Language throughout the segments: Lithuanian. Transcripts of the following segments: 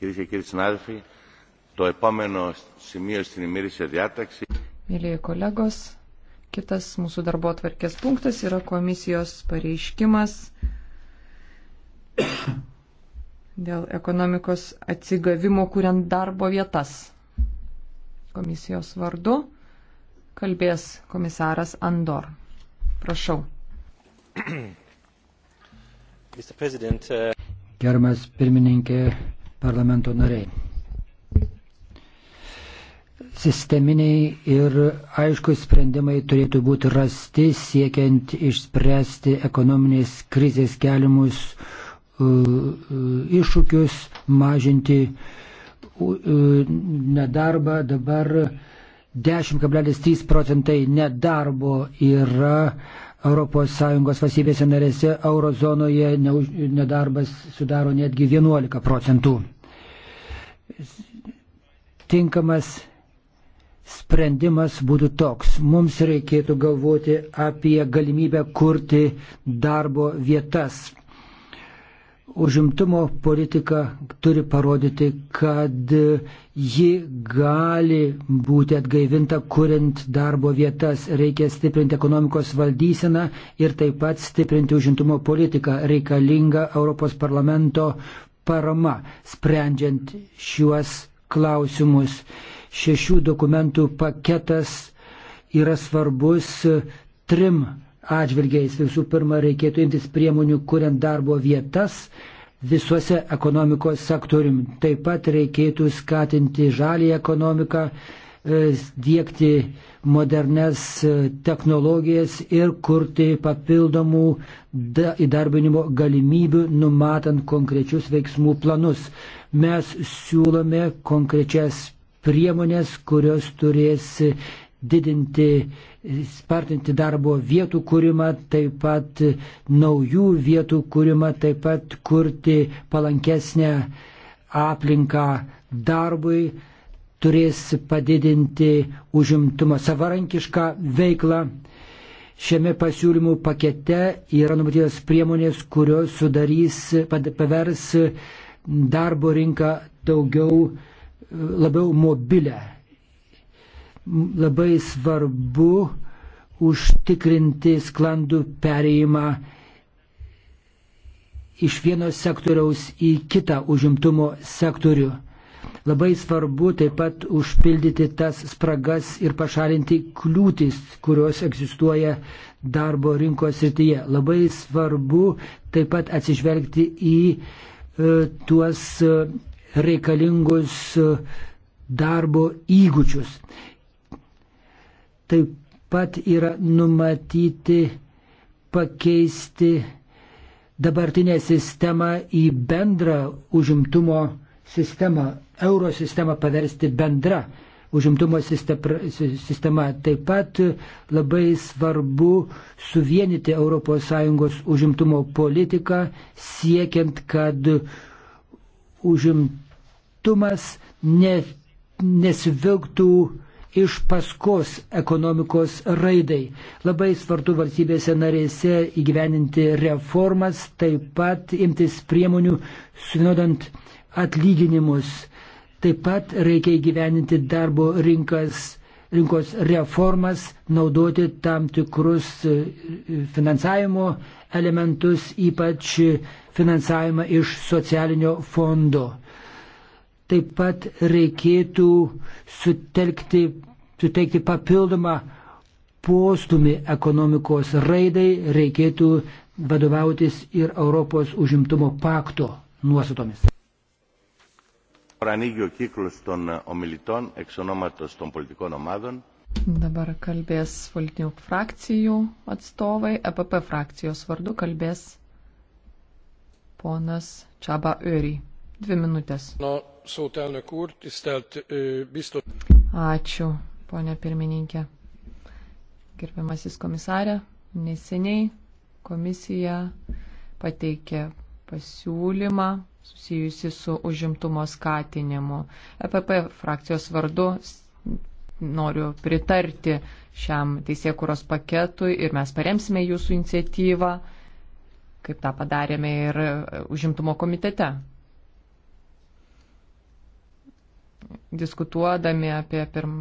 Κυρίε και κύριοι συνάδελφοι, το επόμενο σημείο στην ημερήσια διάταξη. Mėlyje kolegos, kitas mūsų darbo atverkės punktas yra komisijos pareiškimas dėl ekonomikos atsigavimo, kuriant darbo vietas. Komisijos vardu kalbės komisaras Andor. Prašau. Uh- Gerbiamas pirmininkė, parlamento nariai. Sisteminiai ir aiškus sprendimai turėtų būti rasti siekiant išspręsti ekonominės krizės keliamus iššūkius, mažinti nedarbą. Dabar 10,3 procentai nedarbo yra ES valstybėse narėse, eurozonoje nedarbas sudaro netgi 11 procentų tinkamas sprendimas būtų toks. Mums reikėtų galvoti apie galimybę kurti darbo vietas. Užimtumo politika turi parodyti, kad ji gali būti atgaivinta, kuriant darbo vietas. Reikia stiprinti ekonomikos valdyseną ir taip pat stiprinti užimtumo politiką reikalingą Europos parlamento parama sprendžiant šiuos klausimus. Šešių dokumentų paketas yra svarbus trim atžvilgiais. Visų pirma, reikėtų imtis priemonių, kuriant darbo vietas visuose ekonomikos sektorium. Taip pat reikėtų skatinti žalį ekonomiką, E, dėkti modernes e, technologijas ir kurti papildomų įdarbinimo galimybių, numatant konkrečius veiksmų planus. Mes siūlome konkrečias priemonės, kurios turės didinti, spartinti darbo vietų kūrimą, taip pat naujų vietų kūrimą, taip pat kurti palankesnę aplinką darbui, turės padidinti užimtumą savarankišką veiklą. Šiame pasiūlymų pakete yra numatytos priemonės, kurios sudarys, pavers darbo rinką daugiau, labiau mobilę. Labai svarbu užtikrinti sklandų pereimą iš vieno sektoriaus į kitą užimtumo sektorių. Labai svarbu taip pat užpildyti tas spragas ir pašalinti kliūtis, kurios egzistuoja darbo rinkos srityje. Labai svarbu taip pat atsižvelgti į e, tuos e, reikalingus e, darbo įgūdžius. Taip pat yra numatyti pakeisti dabartinę sistemą į bendrą užimtumo sistemą euro sistemą paversti bendra užimtumo sistema. Taip pat labai svarbu suvienyti ES užimtumo politiką, siekiant, kad užimtumas ne, nesvilgtų iš paskos ekonomikos raidai. Labai svarbu valstybėse narėse įgyveninti reformas, taip pat imtis priemonių, suvienodant atlyginimus Taip pat reikia įgyveninti darbo rinkas, rinkos reformas, naudoti tam tikrus e, finansavimo elementus, ypač finansavimą iš socialinio fondo. Taip pat reikėtų sutelkti, suteikti papildomą postumį ekonomikos raidai, reikėtų vadovautis ir Europos užimtumo pakto nuostatomis. Τώρα ανοίγει ο κύκλος των ομιλητών εξ ονόματος των πολιτικών ομάδων. Dabar kalbės politinių frakcijų atstovai, EPP frakcijos vardu kalbės ponas Čaba Öri. Dvi minutės. Ačiū, ponė pirmininkė. Gerbiamasis komisarė, neseniai komisija pateikė pasiūlymą susijusi su užimtumo skatinimu. EPP frakcijos vardu noriu pritarti šiam teisėkuros paketui ir mes paremsime jūsų iniciatyvą, kaip tą padarėme ir e, užimtumo komitete. Diskutuodami apie pirm,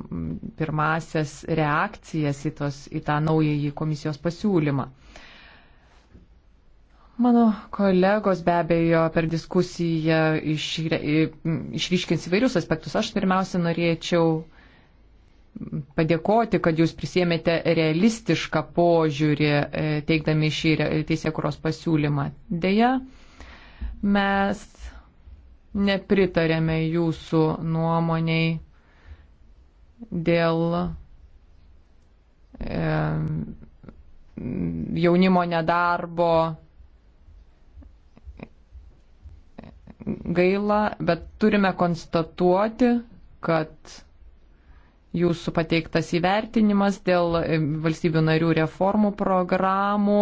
pirmasias reakcijas į, tos, į tą naująjį komisijos pasiūlymą. Uh, Mano kolegos be abejo per diskusiją iš, išryškins įvairius aspektus. Aš pirmiausia norėčiau padėkoti, kad jūs prisėmėte realistišką požiūrį e, teikdami šį teisėkuros pasiūlymą. Deja, mes nepritarėme jūsų nuomoniai dėl e, jaunimo nedarbo gaila, bet turime konstatuoti, kad jūsų pateiktas įvertinimas dėl valstybių narių reformų programų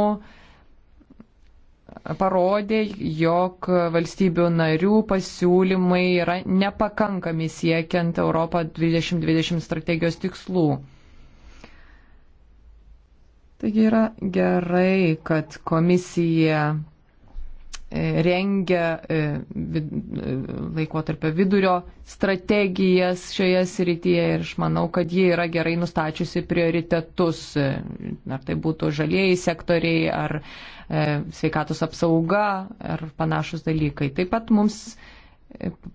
parodė, jog valstybių narių pasiūlymai yra nepakankami siekiant Europą 2020 strategijos tikslų. Taigi yra gerai, kad komisija E, rengia e, e, laikotarpio vidurio strategijas šioje srityje ir aš manau, kad ji yra gerai nustačiusi prioritetus, ar tai būtų žalieji sektoriai, ar sveikatos apsauga, ar panašus dalykai. Taip pat mums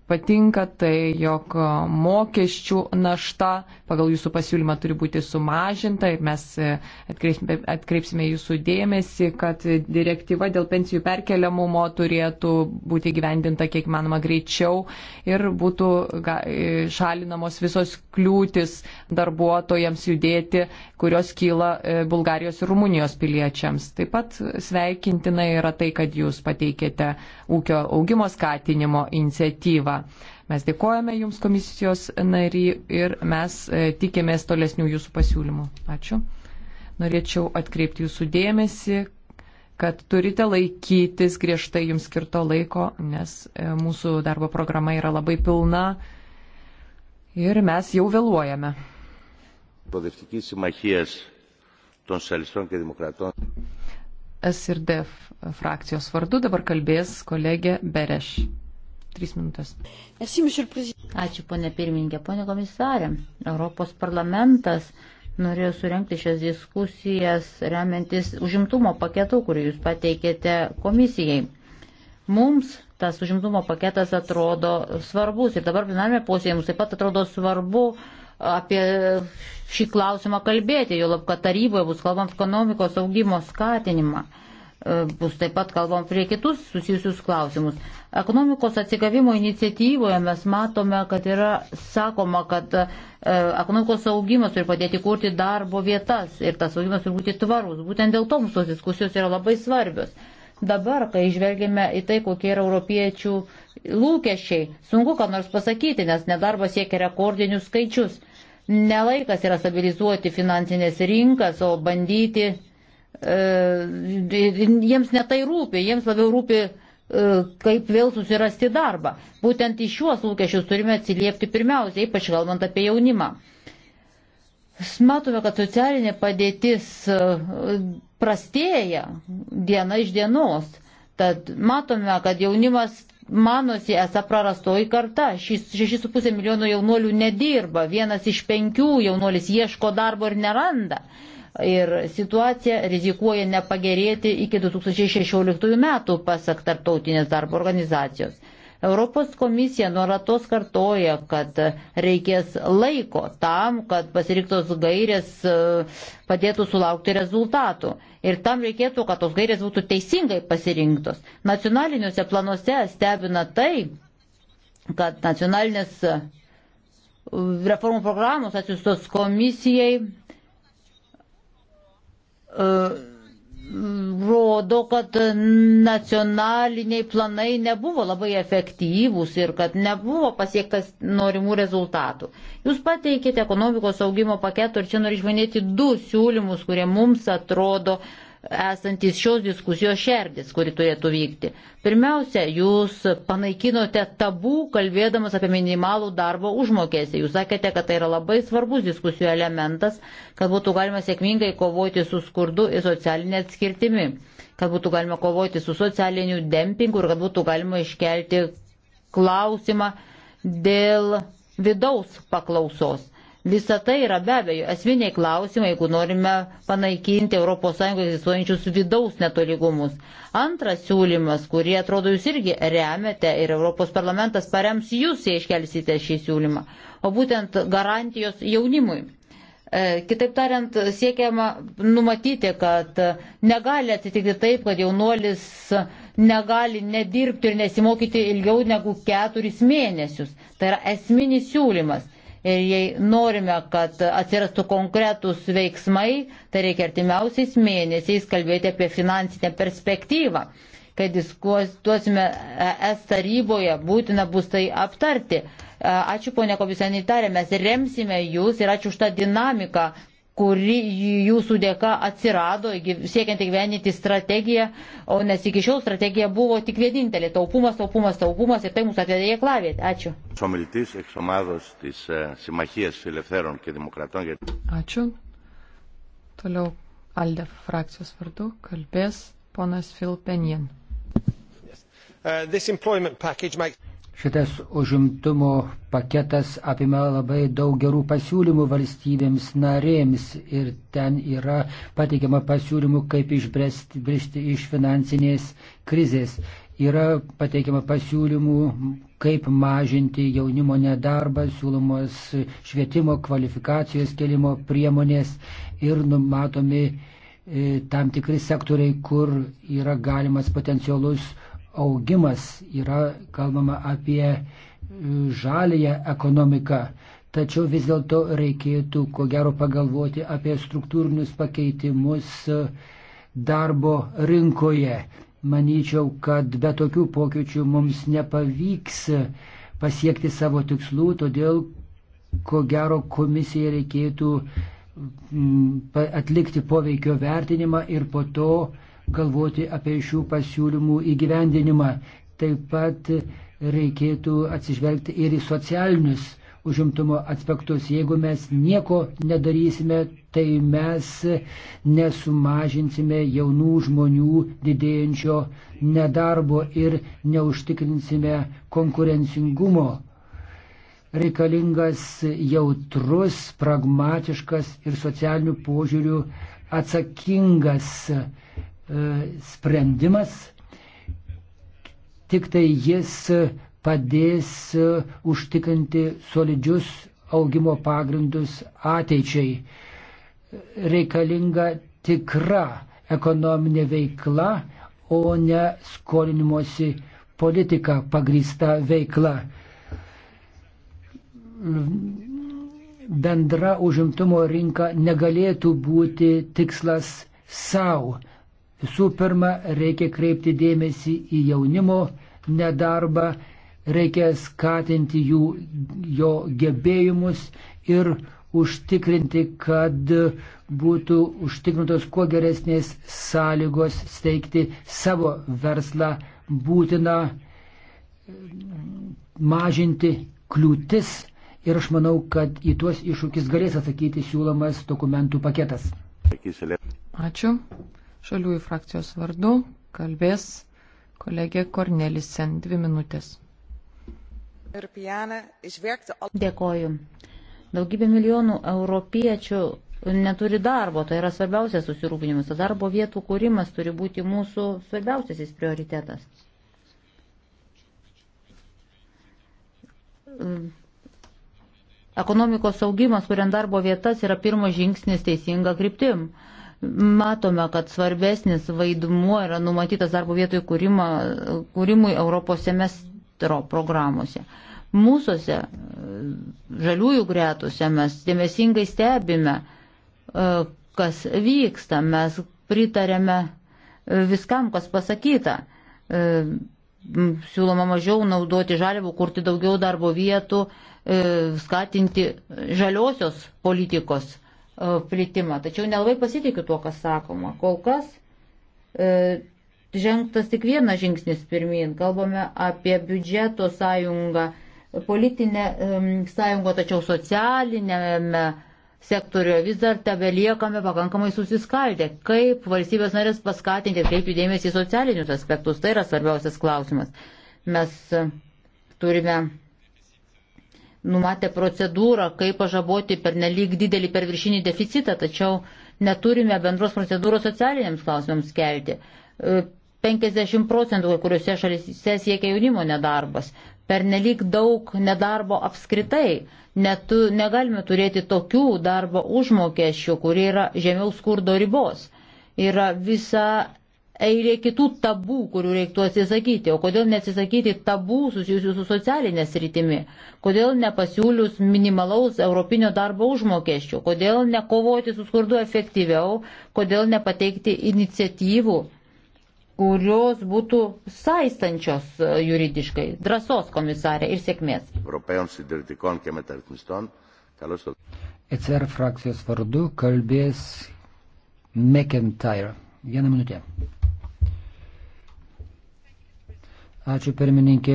patinka tai, jog mokesčių našta pagal jūsų pasiūlymą turi būti sumažinta ir mes e, atkreipsime, atkreipsime jūsų dėmesį, kad direktyva dėl pensijų perkeliamumo turėtų būti gyvendinta kiek manoma greičiau ir būtų e, šalinamos visos kliūtis darbuotojams judėti, kurios kyla e, Bulgarijos ir Rumunijos piliečiams. Taip pat sveikintina yra tai, kad jūs pateikėte ūkio augimo skatinimo iniciatyvą iniciatyvą. Mes dėkojame Jums komisijos nary ir mes e, tikėmės tolesnių Jūsų pasiūlymų. Ačiū. Norėčiau atkreipti Jūsų dėmesį, kad turite laikytis griežtai Jums skirto laiko, nes e, mūsų darbo programa yra labai pilna ir mes jau vėluojame. Προοδευτικής συμμαχίας των Σαλιστών και Δημοκρατών. SRDF frakcijos vardu dabar kalbės kolegė Bereš. Trys minutės. Ačiū, ponė pirmininkė, ponė komisarė. Europos parlamentas norėjo surenkti šias diskusijas remiantis užimtumo paketu, kurį jūs pateikėte komisijai. Mums tas užimtumo paketas atrodo svarbus ir dabar plenarime posėdėje mums taip pat atrodo svarbu apie šį klausimą kalbėti, jo lab, kad taryboje bus kalbam ekonomikos augimo skatinimą, bus taip pat kalbam prie kitus susijusius klausimus. Ekonomikos atsigavimo iniciatyvoje mes matome, kad yra sakoma, kad e, ekonomikos augimas turi padėti kurti darbo vietas ir tas augimas turi būti tvarus. Būtent dėl to mums tos diskusijos yra labai svarbios. Dabar, kai žvelgėme į tai, kokie yra europiečių lūkesčiai, sunku ką nors pasakyti, nes nedarbas siekia rekordinius skaičius. Nelaikas yra stabilizuoti finansinės rinkas, o bandyti, e, jiems netai rūpi, jiems labiau rūpi E, kaip vėl susirasti darbą. Būtent į šiuos lūkesčius turime atsiliepti pirmiausia, ypač kalbant apie jaunimą. Matome, kad socialinė padėtis e, prastėja diena iš dienos. Tad matome, kad jaunimas manosi esą prarastoji karta. 6,5 milijono jaunuolių nedirba, vienas iš penkių jaunuolis ieško darbo ir neranda ir situacija rizikuoja nepagerėti iki 2016 metų, pasak Tarptautinės darbo organizacijos. Europos komisija nuolatos kartoja, kad reikės laiko tam, kad pasirinktos gairės e, padėtų sulaukti rezultatų. Ir tam reikėtų, kad tos gairės būtų teisingai pasirinktos. Nacionaliniuose planuose stebina tai, kad nacionalinės e, reformų programos atsiustos komisijai E, rodo, kad nacionaliniai planai nebuvo labai efektyvūs ir kad nebuvo pasiektas norimų rezultatų. Jūs pateikėte ekonomikos augimo paketų ir čia noriu išmanyti du siūlymus, kurie mums atrodo uh, esantis šios diskusijos šerdis, kuri turėtų vykti. Pirmiausia, jūs panaikinote tabų, kalbėdamas apie minimalų darbo užmokėsį. Jūs sakėte, kad tai yra labai svarbus diskusijų elementas, kad būtų galima sėkmingai kovoti su skurdu ir socialinė atskirtimi, kad būtų galima kovoti su socialiniu dempingu ir kad būtų galima iškelti klausimą dėl vidaus paklausos. Visa tai yra be abejo esminiai klausimai, jeigu norime panaikinti ES egzistuojančius vidaus netolygumus. Antras siūlymas, kurį atrodo jūs irgi remiate ir Europos parlamentas parems jūs, jei iškelsite šį siūlymą, o būtent garantijos jaunimui. E, kitaip tariant, siekiama numatyti, kad negali atsitikti taip, kad jaunuolis negali nedirbti ir nesimokyti ilgiau negu keturis mėnesius. Tai yra esminis siūlymas. Ir jei norime, kad atsirastų konkretūs veiksmai, tai reikia artimiausiais mėnesiais kalbėti apie finansinę perspektyvą. Kai diskutuosime ES taryboje, būtina bus tai aptarti. E, ačiū, ponė komisarė, mes remsime jūs ir ačiū už tą dinamiką, kuri jūsų dėka atsirado, siekiant įgyveninti strategiją, o nes iki šiol strategija buvo tik vienintelė - taupumas, taupumas, taupumas ir tai mūsų atvedė į klavietę. Ačiū. Ačiū. Toliau Alde frakcijos vardu kalbės ponas Phil Penien. Yes. Uh, Šitas užimtumo paketas apima labai daug gerų pasiūlymų valstybėms narėms ir ten yra pateikiama pasiūlymų, kaip išbristi iš finansinės krizės. Yra pateikiama pasiūlymų, kaip mažinti jaunimo nedarbą, siūlomos švietimo kvalifikacijos kelimo priemonės ir numatomi e, tam tikri sektoriai, kur yra galimas potencialus augimas, yra kalbama apie e, žalėją ekonomiką. Tačiau vis dėlto reikėtų, ko gero, pagalvoti apie struktūrinius pakeitimus e, darbo rinkoje. Manyčiau, kad be tokių pokyčių mums nepavyks e, pasiekti savo tikslų, todėl, ko gero, komisija reikėtų atlikti poveikio vertinimą ir po to galvoti apie šių pasiūlymų įgyvendinimą. Taip pat reikėtų atsižvelgti ir į socialinius užimtumo aspektus. Jeigu mes nieko nedarysime, tai mes nesumažinsime jaunų žmonių didėjančio nedarbo ir neužtikrinsime konkurencingumo. Reikalingas jautrus, pragmatiškas ir socialinių požiūrių atsakingas E, sprendimas, tik tai jis padės užtikrinti solidžius augimo pagrindus ateičiai. Reikalinga tikra ekonominė veikla, o ne skolinimuosi politika pagrįsta veikla. Bendra užimtumo rinka negalėtų būti tikslas savo Visų pirma, reikia kreipti dėmesį į jaunimo nedarbą, reikia skatinti jų, jo gebėjimus ir užtikrinti, kad būtų užtikrintos kuo geresnės sąlygos steigti savo verslą, būtina mm, mažinti kliūtis ir aš manau, kad į tuos iššūkis galės atsakyti siūlomas dokumentų paketas. Ačiū. Šaliųjų frakcijos vardu kalbės kolegė Kornelisen. Dvi minutės. Dėkoju. Daugybė milijonų europiečių neturi darbo, tai yra svarbiausias susirūpinimas. O darbo vietų kūrimas turi būti mūsų svarbiausiasis prioritetas. Ekonomikos augimas, kuriant darbo vietas, yra pirmas žingsnis teisinga kryptim. Matome, kad svarbesnis vaidmuo yra numatytas darbo vietų kūrimui Europos semestro programuose. Mūsųse žaliųjų gretose mes dėmesingai stebime, e, kas vyksta, mes pritarėme e, viskam, kas pasakyta. E, siūloma mažiau naudoti žaliavų, kurti daugiau darbo vietų, skatinti žaliosios politikos E, plitimą. Tačiau nelabai pasitikiu tuo, kas sakoma. Kol kas e, žengtas tik vienas žingsnis pirmin. Kalbame apie biudžeto sąjungą, politinę e, sąjungą, tačiau socialinėme sektoriuje vis dar tebe liekame pakankamai susiskaldę. Kaip valstybės narės paskatinti, kaip įdėmės į socialinius aspektus, tai yra svarbiausias klausimas. Mes e, turime numatę procedūrą, kaip pažaboti per nelik didelį perviršinį deficitą, tačiau neturime bendros procedūros socialiniams klausimams kelti. 50 e, procentų kai kuriuose šalyse siekia jaunimo nedarbas. Per nelik daug nedarbo apskritai. Netu, negalime turėti tokių darbo užmokesčių, kurie yra žemiau skurdo ribos. Yra visa eilė kitų tabų, kurių reiktų atsisakyti. O kodėl neatsisakyti tabų susijusių su socialinė sritimi? Kodėl nepasiūlius minimalaus europinio darbo užmokesčio? Kodėl nekovoti su skurdu efektyviau? Kodėl nepateikti iniciatyvų, kurios būtų saistančios juridiškai? Drąsos komisarė ir sėkmės. ECR frakcijos vardu kalbės McIntyre. Vieną minutę. Ačiū pirmininkė.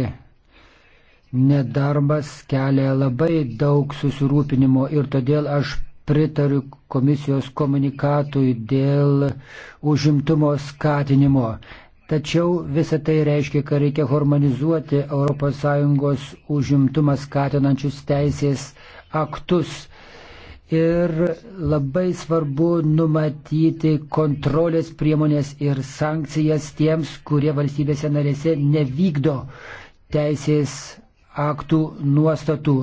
Nedarbas kelia labai daug susirūpinimo ir todėl aš pritariu komisijos komunikatui dėl užimtumo skatinimo. Tačiau visa tai reiškia, kad reikia harmonizuoti ES užimtumą skatinančius teisės aktus ir labai svarbu numatyti kontrolės priemonės ir sankcijas tiems, kurie valstybėse narėse nevykdo teisės aktų nuostatų.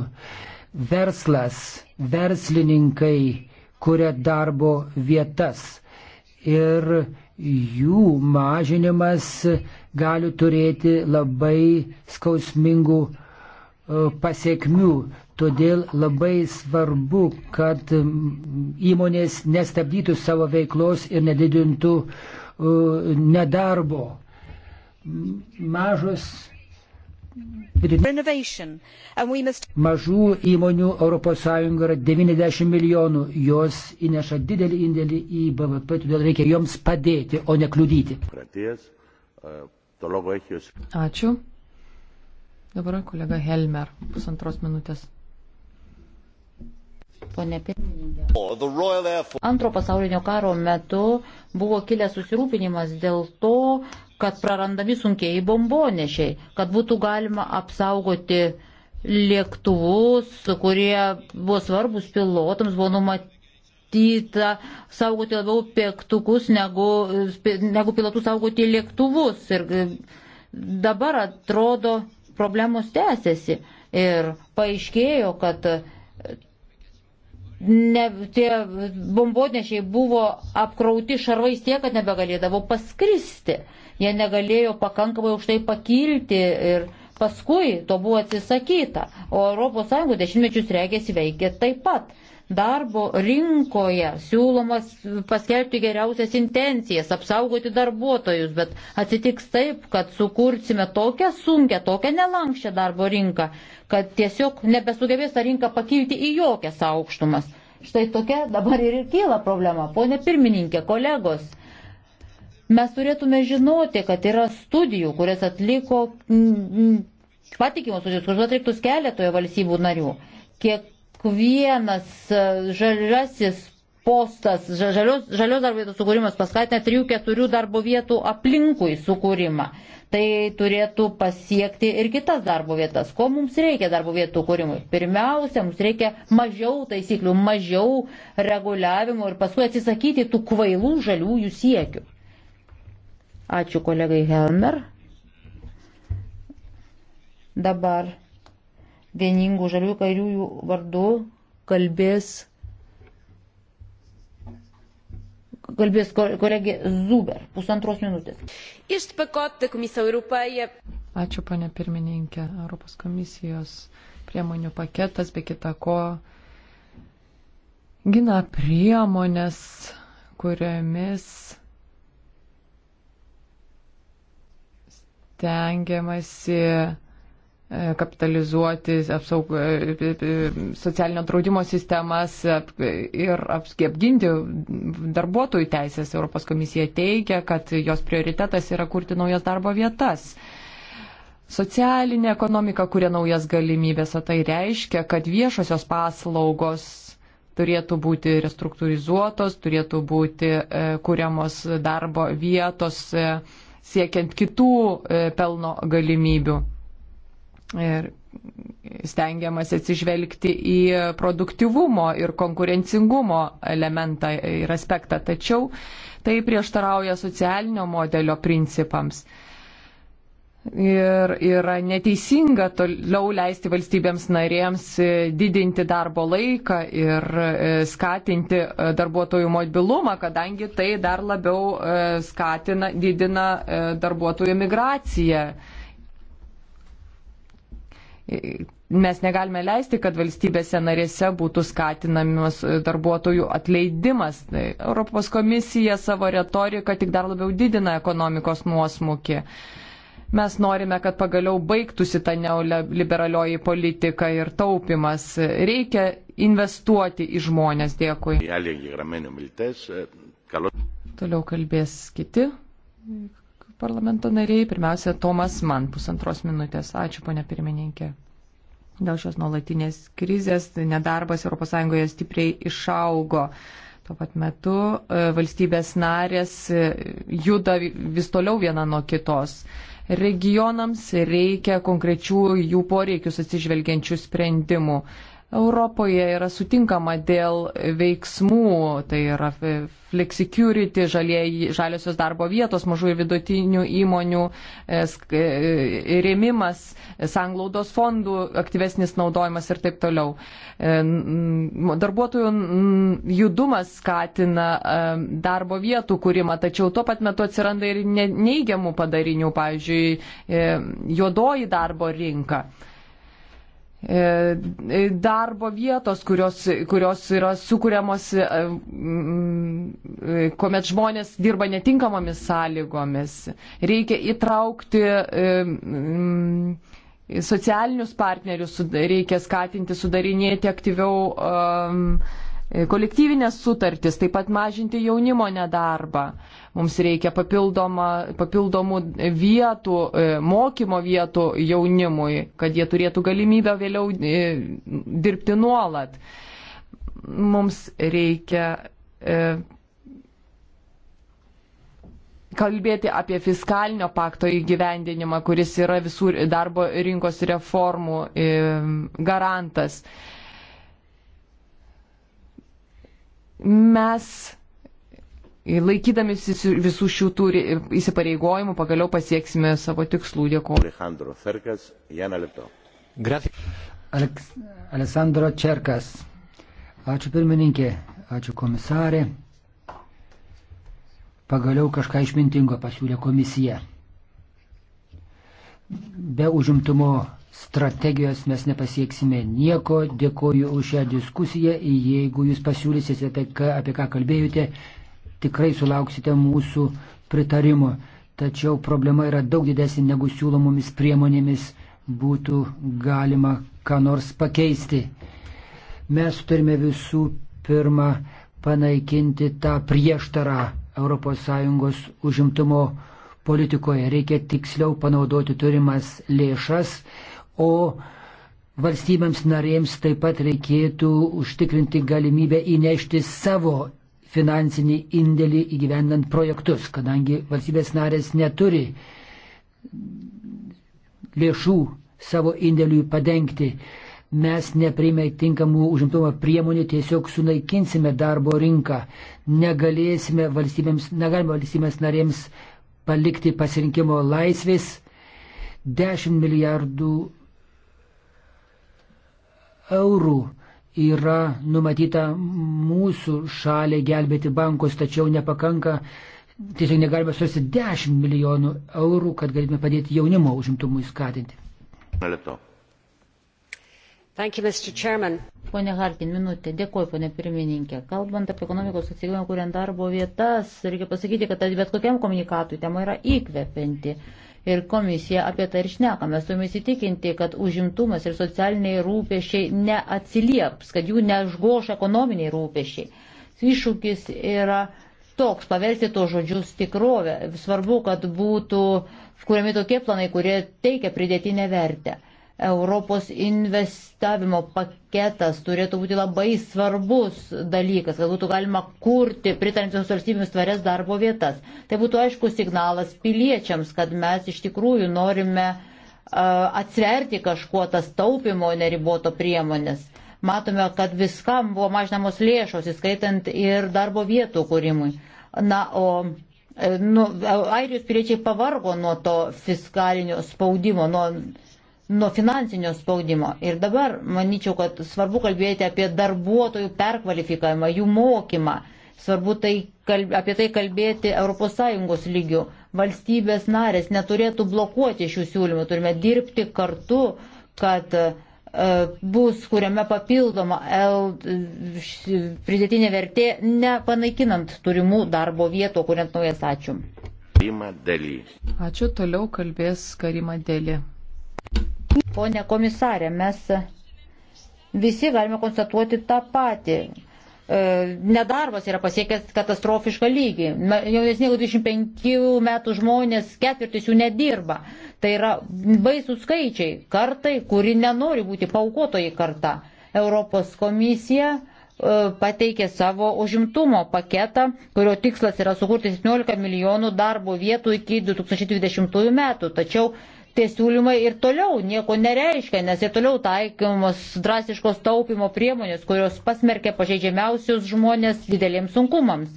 Verslas, verslininkai kuria darbo vietas ir jų mažinimas gali turėti labai skausmingų e, pasiekmių. Todėl labai svarbu, kad įmonės nestabdytų savo veiklos ir nedidintų nedarbo. Mažos. Mažų įmonių ES yra 90 milijonų, jos įneša didelį indėlį į BVP, todėl reikia joms padėti, o ne kliudyti. Eh, Ačiū. Dabar kolega Helmer, pusantros minutės. Pone pirmininkė. Antro pasaulinio karo metu buvo kilęs susirūpinimas dėl to, kad prarandami sunkiai bombonešiai, kad būtų galima apsaugoti lėktuvus, kurie buvo svarbus pilotams, buvo numatyta saugoti labiau pėktukus negu, negu pilotų saugoti lėktuvus. Ir dabar atrodo problemos tęsiasi. Ir paaiškėjo, kad ne, tie bombonešiai buvo apkrauti šarvais tiek, kad nebegalėdavo paskristi. Jie negalėjo pakankamai aukštai pakilti ir paskui to buvo atsisakyta. O ES dešimtmečius reikės veikė taip pat darbo rinkoje siūlomas paskelbti geriausias intencijas, apsaugoti darbuotojus, bet atsitiks taip, kad sukursime tokią sunkę, tokią nelankščią darbo rinką, kad tiesiog nebesugebės tą rinką pakilti į jokias aukštumas. Štai tokia dabar ir kyla problema, ponė pirmininkė, kolegos. Mes turėtume žinoti, kad yra studijų, kurias atliko patikimus, kuriuos atliktus keletoje valstybių narių. Kiek Vienas e, žaliasis postas, žalios, žalios darbo vietos sukūrimas paskatina 3-4 darbo vietų aplinkui sukūrimą. Tai turėtų pasiekti ir kitas darbo vietas. Ko mums reikia darbo vietų kūrimui? Pirmiausia, mums reikia mažiau taisyklių, mažiau reguliavimo ir paskui atsisakyti tų kvailų žaliųjų siekių. Ačiū kolegai Helmer. Dabar vieningų žalių kairiųjų vardu kalbės, kalbės kolegė Zuber, pusantros minutės. Ačiū, ponė pirmininkė, Europos komisijos priemonių paketas, be kita ko, gina priemonės, kuriomis tengiamasi E, kapitalizuoti apsaug, e, e, socialinio draudimo sistemas ir apginti darbuotojų teisės. Europos komisija teigia, kad jos prioritetas yra kurti naujas darbo vietas. Socialinė ekonomika kuria naujas galimybės, o tai reiškia, kad viešosios paslaugos turėtų būti restruktūrizuotos, turėtų būti kuriamos darbo vietos siekiant kitų pelno galimybių Ir stengiamas atsižvelgti į produktivumo ir konkurencingumo elementą ir aspektą, tačiau tai prieštarauja socialinio modelio principams. Ir yra neteisinga toliau leisti valstybėms narėms didinti darbo laiką ir e, skatinti e, darbuotojų mobilumą, kadangi tai dar labiau e, skatina, didina darbuotojų migraciją Mes negalime leisti, kad valstybėse narėse būtų skatinamas darbuotojų atleidimas. Tai Europos komisija savo retoriką tik dar labiau didina ekonomikos nuosmukį mes norime, kad pagaliau baigtųsi ta neoliberalioji politika ir taupimas. Reikia investuoti į žmonės. Dėkui. Toliau kalbės kiti parlamento nariai. Pirmiausia, Tomas man pusantros minutės. Ačiū, ponia pirmininkė. Dėl šios nuolatinės krizės nedarbas ES stipriai išaugo. Tuo pat metu e, valstybės narės e, juda vis toliau viena nuo kitos. Regionams reikia konkrečių jų poreikius atsižvelgiančių sprendimų. Europoje yra sutinkama dėl veiksmų, tai yra flexicurity, žalieji, žaliosios darbo vietos, mažų ir vidutinių įmonių e, e, e, rėmimas, sanglaudos fondų aktyvesnis naudojimas ir taip toliau. Darbuotojų judumas skatina darbo vietų kūrimą, tačiau tuo pat metu atsiranda ir neigiamų padarinių, pavyzdžiui, juodoji darbo rinka. E, e, darbo vietos, kurios, kurios yra sukūriamos, e, mm, kuomet žmonės dirba netinkamomis sąlygomis. Reikia įtraukti mm, socialinius partnerius, reikia skatinti sudarinėti aktyviau E, kolektyvinės sutartis, taip pat mažinti jaunimo nedarbą. Mums reikia papildomų vietų, e, mokymo vietų jaunimui, kad jie turėtų galimybę vėliau e, dirbti nuolat. Mums reikia kalbėti apie fiskalinio pakto įgyvendinimą, kuris yra visų darbo rinkos reformų garantas. mes laikydamės visų šių turi įsipareigojimų pagaliau pasieksime savo tikslų. Dėkuoju. Aleks, Alessandro Čerkas. Ačiū pirmininkė, ačiū komisarė. Pagaliau kažką išmintingo pasiūlė komisija. Be užimtumo strategijos mes nepasieksime nieko. Dėkoju už šią diskusiją. Jeigu jūs pasiūlysite, tai ką, apie ką kalbėjote, tikrai sulauksite mūsų pritarimo. Tačiau problema yra daug didesnė negu siūlomomis priemonėmis būtų galima ką nors pakeisti. Mes turime visų pirma panaikinti tą prieštarą ES užimtumo politikoje. Reikia tiksliau panaudoti turimas lėšas o valstybėms narėms taip pat reikėtų užtikrinti galimybę įnešti savo finansinį indėlį įgyvendant projektus, kadangi valstybės narės neturi lėšų savo indėliui padengti. Mes neprime tinkamų užimtumo priemonių, tiesiog sunaikinsime darbo rinką, negalėsime valstybėms, negalime valstybės narėms palikti pasirinkimo laisvės. 10 milijardų eurų yra numatyta mūsų šaliai gelbėti bankus, tačiau nepakanka, tiesiog negalime surasti 10 milijonų eurų, kad galėtume padėti jaunimo užimtumui skatinti. You, pone Harkin, minutė. Dėkuoju, pone pirmininkė. Kalbant apie ekonomikos atsigavimą, kuriant darbo vietas, reikia pasakyti, kad bet kokiam komunikatui tema yra įkvepianti. Uh, ir komisija apie tai ir šneka. Mes turime įsitikinti, kad užimtumas ir socialiniai rūpešiai neatsilieps, kad jų nežgoš ekonominiai rūpešiai. Iššūkis yra toks, paversti to žodžius tikrovę. Svarbu, kad būtų kuriami tokie planai, kurie teikia pridėtinę vertę. Europos investavimo paketas turėtų būti labai svarbus dalykas, kad būtų galima kurti pritarinčios valstybėms tvarias darbo vietas. Tai būtų aiškus signalas piliečiams, kad mes iš tikrųjų norime uh, atsverti kažkuo tas taupimo neriboto priemonės. Matome, kad viskam buvo mažinamos lėšos, įskaitant ir darbo vietų kūrimui. Na, o e, nu, airijos piliečiai pavargo nuo to fiskalinio spaudimo, nuo nuo finansinio spaudimo. Ir dabar manyčiau, kad svarbu kalbėti apie darbuotojų perkvalifikavimą, jų mokymą. Svarbu tai, kalb, apie tai kalbėti ES lygių. Valstybės narės neturėtų blokuoti šių siūlymų. Turime dirbti kartu, kad e, bus kuriame papildoma L pridėtinė vertė, nepanaikinant turimų darbo vietų, kuriant naujas ačiū. Ačiū, toliau kalbės Karima Deli. Pone komisarė, mes visi galime konstatuoti tą patį. E, nedarbas yra pasiekęs katastrofišką lygį. Jaunesnė negu 25 metų žmonės ketvirtis jų nedirba. Tai yra baisų skaičiai. Kartai, kuri nenori būti paukotojai karta. Europos komisija e, pateikė savo užimtumo paketą, kurio tikslas yra sukurti 17 milijonų darbo vietų iki 2020 metų. Tačiau tie siūlymai ir toliau nieko nereiškia, nes ir toliau taikomos drastiškos taupimo priemonės, kurios pasmerkia pažeidžiamiausius žmonės dideliems sunkumams.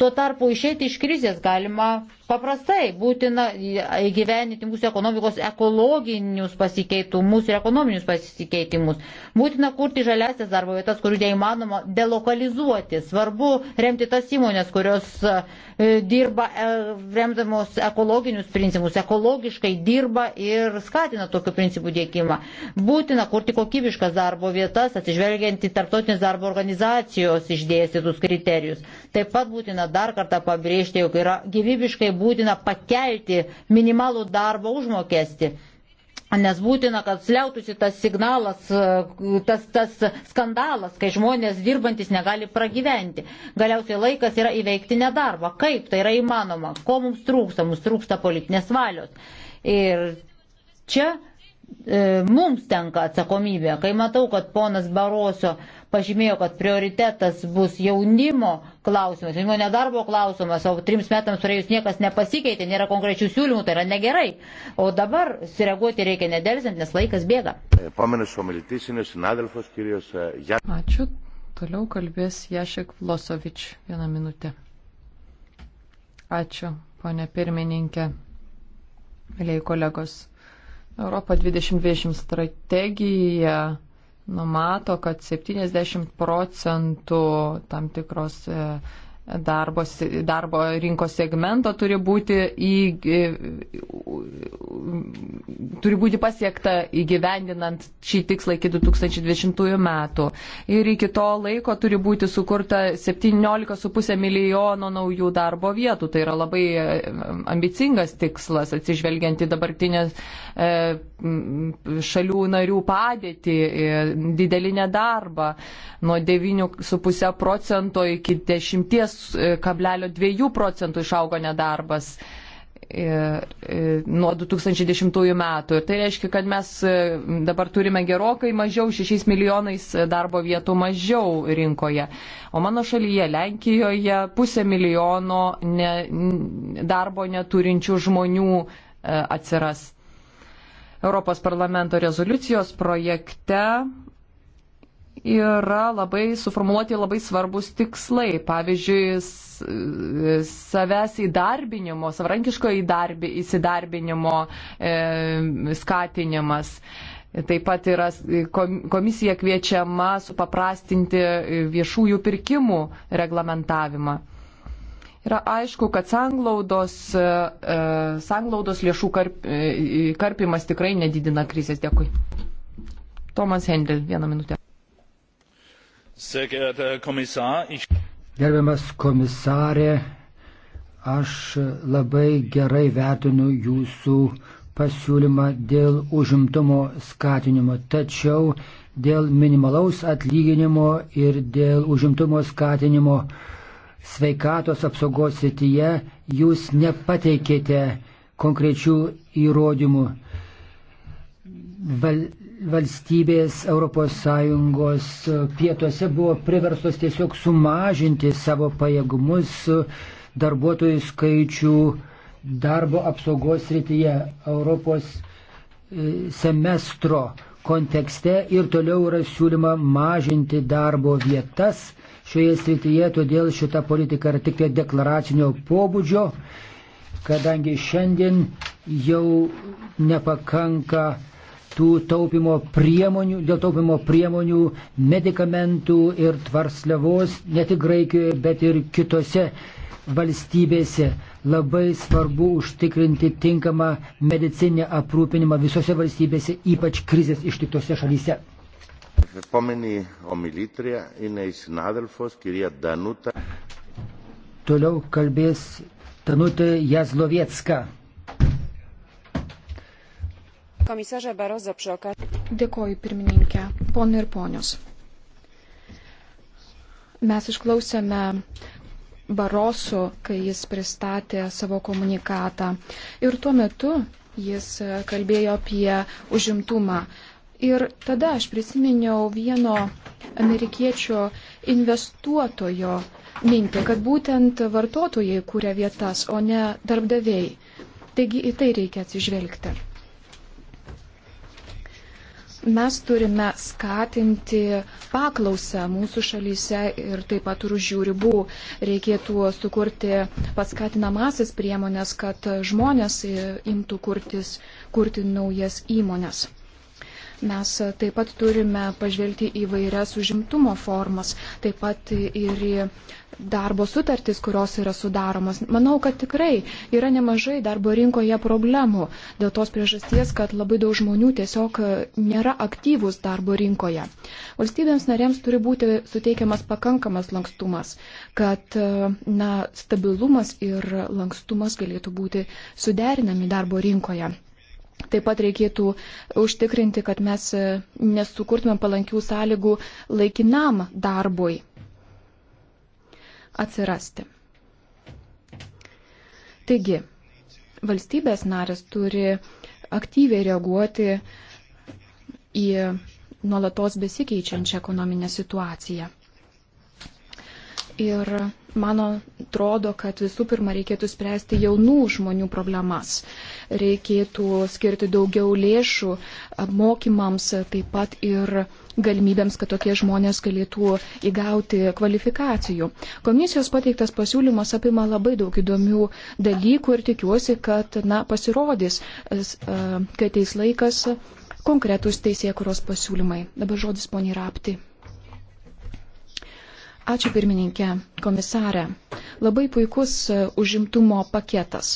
Tuo tarpu išėti iš krizės galima Paprastai būtina įgyveninti mūsų ekonomikos ekologinius pasikeitimus ir ekonominius pasikeitimus. Būtina kurti žaliasias darbo vietas, kurių neįmanoma delokalizuoti. Svarbu remti tas įmonės, kurios e, dirba e, remdamos ekologinius principus, ekologiškai dirba ir skatina tokių principų dėkimą. Būtina kurti kokybiškas darbo vietas, atsižvelgiant į tarptautinės darbo organizacijos išdėstytus kriterijus. Taip pat būtina dar kartą pabrėžti, jog yra gyvybiškai būtina pakelti minimalų darbo užmokestį. Nes būtina, kad sliautųsi tas signalas, e, tas, tas skandalas, kai žmonės dirbantis negali pragyventi. Galiausiai laikas yra įveikti nedarbą. Kaip tai yra įmanoma? Ko mums trūksta? Mums trūksta politinės valios. Ir čia e, mums tenka atsakomybė. Kai matau, kad ponas Barosio e, pažymėjo, kad prioritetas bus jaunimo klausimas, jaunimo nedarbo klausimas, o trims metams praėjus niekas nepasikeitė, nėra konkrečių siūlymų, tai yra negerai. O dabar sireaguoti reikia nedelsiant, nes laikas bėga. E, Ačiū. Toliau kalbės Jašek Vlosovič. Vieną minutę. Ačiū, ponė pirmininkė. Mėlyi kolegos. Europa 2020 strategija numato, kad 70 procentų tam tikros e, darbo, darbo rinkos segmento turi būti, į, turi būti pasiekta įgyvendinant šį tikslą iki 2020 metų. Ir iki to laiko turi būti sukurta 17,5 milijono naujų darbo vietų. Tai yra labai ambicingas tikslas atsižvelgiant į dabartinę e, šalių narių padėtį, e, didelį nedarbą nuo 9,5 procento iki 10 0,2 procentų išaugo nedarbas e, e, nuo 2010 metų. Ir tai reiškia, kad mes e, dabar turime gerokai mažiau, 6 milijonais darbo vietų mažiau rinkoje. O mano šalyje, Lenkijoje, pusė milijono ne, darbo neturinčių žmonių atsiras. Europos parlamento rezoliucijos projekte yra labai suformuoluoti labai svarbus tikslai. Pavyzdžiui, savęs įdarbinimo, savarankiško įdarbi, įsidarbinimo e, skatinimas. Taip pat yra komisija kviečiama supaprastinti viešųjų pirkimų reglamentavimą. Yra aišku, kad sanglaudos, e, e, sanglaudos lėšų karp, e, karpimas tikrai nedidina krizės. Dėkui. Tomas Hendel, vieną minutę. Gerbiamas komisarė, aš labai gerai vertinu jūsų pasiūlymą dėl užimtumo skatinimo, tačiau dėl minimalaus atlyginimo ir dėl užimtumo skatinimo sveikatos apsaugos sityje jūs nepateikėte konkrečių įrodymų. Val valstybės ES pietuose buvo priverstos tiesiog sumažinti savo pajėgumus darbuotojų skaičių darbo apsaugos srityje Europos e, semestro kontekste ir toliau yra siūlyma mažinti darbo vietas šioje srityje, todėl šita politika yra tik tai deklaracinio pobūdžio, kadangi šiandien jau nepakanka tų taupimo priemonių, dėl taupimo priemonių, medikamentų ir tvarsliavos ne tik Graikijoje, bet ir kitose valstybėse. Labai svarbu užtikrinti tinkamą medicinę aprūpinimą visose valstybėse, ypač krizės ištiktose šalyse. Επόμενη ομιλήτρια είναι η συνάδελφος κυρία Ντανούτα. Τολό καλμπές Τανούτε Γιασλοβιέτσκα. Komisarė Barozo Pšoka. Dėkoju pirmininkė, ponai ir ponios. Mes išklausėme Baroso, kai jis pristatė savo komunikatą. Ir tuo metu jis kalbėjo apie užimtumą. Ir tada aš prisiminiau vieno amerikiečio investuotojo mintį, kad būtent vartotojai kūrė vietas, o ne darbdaviai. Taigi į tai reikia atsižvelgti mes turime skatinti paklausą mūsų šalyse ir taip pat ir už jų ribų. Reikėtų sukurti paskatinamasis priemonės, kad žmonės imtų kurtis, kurti naujas įmonės. Mes taip pat turime pažvelgti į vairias užimtumo formas, taip pat ir į darbo sutartys, kurios yra sudaromos. Manau, kad tikrai yra nemažai darbo rinkoje problemų dėl tos priežasties, kad labai daug žmonių tiesiog nėra aktyvūs darbo rinkoje. Valstybėms narėms turi būti suteikiamas pakankamas lankstumas, kad na, stabilumas ir lankstumas galėtų būti suderinami darbo rinkoje. Taip pat reikėtų užtikrinti, kad mes nesukurtume palankių sąlygų laikinam darbui atsirasti. Taigi, valstybės narės turi aktyviai reaguoti į nuolatos besikeičiančią ekonominę situaciją. Ir mano atrodo, kad visų pirma reikėtų spręsti jaunų žmonių problemas. Reikėtų skirti daugiau lėšų mokymams, taip pat ir galimybėms, kad tokie žmonės galėtų įgauti kvalifikacijų. Komisijos pateiktas pasiūlymas apima labai daug įdomių dalykų ir tikiuosi, kad na, pasirodys, kai ateis laikas, konkretus teisėkuros pasiūlymai. Dabar žodis poniai Rapti. Ačiū pirmininkė, komisarė. Labai puikus e, užimtumo paketas.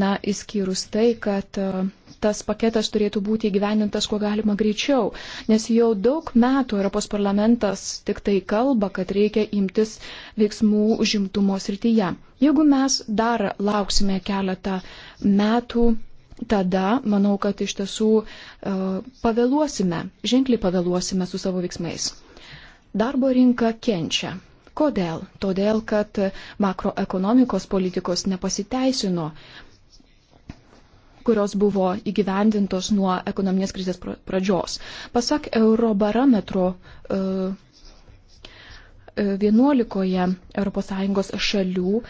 Na, įskyrus tai, kad e, tas paketas turėtų būti įgyvenintas kuo galima greičiau, nes jau daug metų Europos parlamentas tik tai kalba, kad reikia imtis veiksmų užimtumo srityje. Jeigu mes dar lauksime keletą metų, tada manau, kad iš tiesų e, pavėluosime, ženkliai pavėluosime su savo veiksmais. Darbo rinka kenčia. Kodėl? Todėl, kad makroekonomikos politikos nepasiteisino, kurios buvo įgyvendintos nuo ekonominės krizės pradžios. Pasak Eurobarometro 11 e, ES šalių e,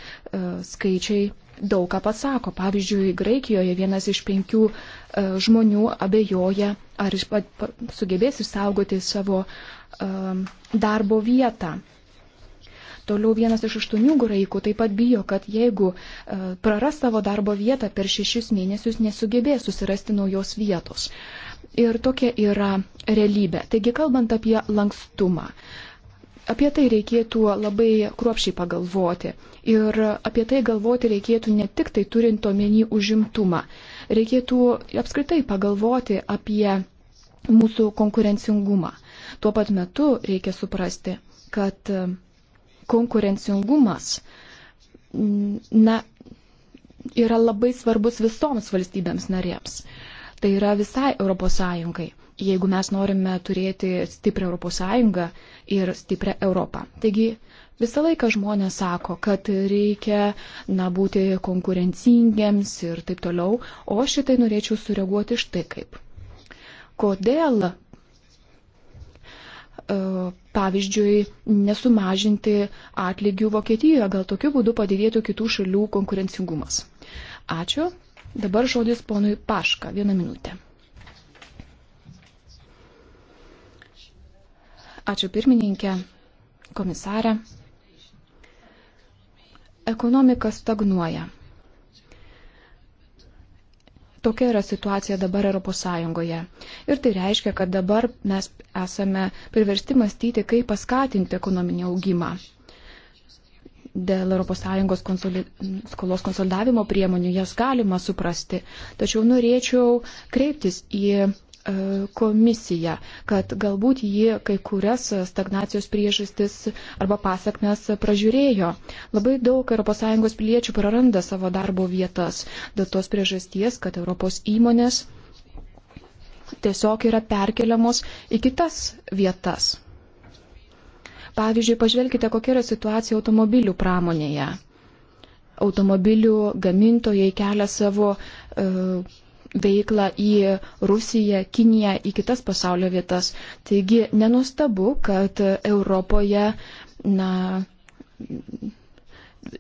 skaičiai daug ką pasako. Pavyzdžiui, Graikijoje vienas iš penkių e, žmonių abejoja, ar sugebės išsaugoti savo uh, Um, darbo vietą. Toliau vienas iš aštuonių graikų taip pat bijo, kad jeigu uh, praras savo darbo vietą per šešis mėnesius, nesugebės susirasti naujos vietos. Ir tokia yra realybė. Taigi, kalbant apie lankstumą, apie tai reikėtų labai kruopšiai pagalvoti. Ir apie tai galvoti reikėtų ne tik tai turint omeny užimtumą. Reikėtų apskritai pagalvoti apie mūsų konkurencingumą. Tuo pat metu reikia suprasti, kad e, konkurencingumas na, yra labai svarbus visoms valstybėms narėms. Tai yra visai ES. Jeigu mes norime turėti stiprią ES ir stiprią Europą. Taigi visą laiką žmonės sako, kad reikia na, būti konkurencingiems ir taip toliau, o šitai norėčiau sureaguoti štai kaip. Kodėl pavyzdžiui, nesumažinti atlygių Vokietijoje. Gal tokiu būdu padidėtų kitų šalių konkurencingumas. Ačiū. Dabar žodis ponui Paška. Vieną minutę. Ačiū pirmininkė, komisarė. Ekonomika stagnuoja. Tokia yra situacija dabar ES. Ir tai reiškia, kad dabar mes esame priversti mąstyti, kaip paskatinti ekonominį augimą. Dėl ES konsoli... skolos konsolidavimo priemonių jas galima suprasti. Tačiau norėčiau kreiptis į komisija, kad galbūt ji kai kurias stagnacijos priežastis arba pasiekmes pražiūrėjo. Labai daug ES piliečių praranda savo darbo vietas dėl tos priežasties, kad Europos įmonės tiesiog yra perkeliamos į kitas vietas. Pavyzdžiui, pažvelkite, kokia yra situacija automobilių pramonėje. Automobilių gamintojai kelia savo uh, veiklą į Rusiją, Kiniją, į kitas pasaulio vietas. Taigi nenustabu, kad Europoje na,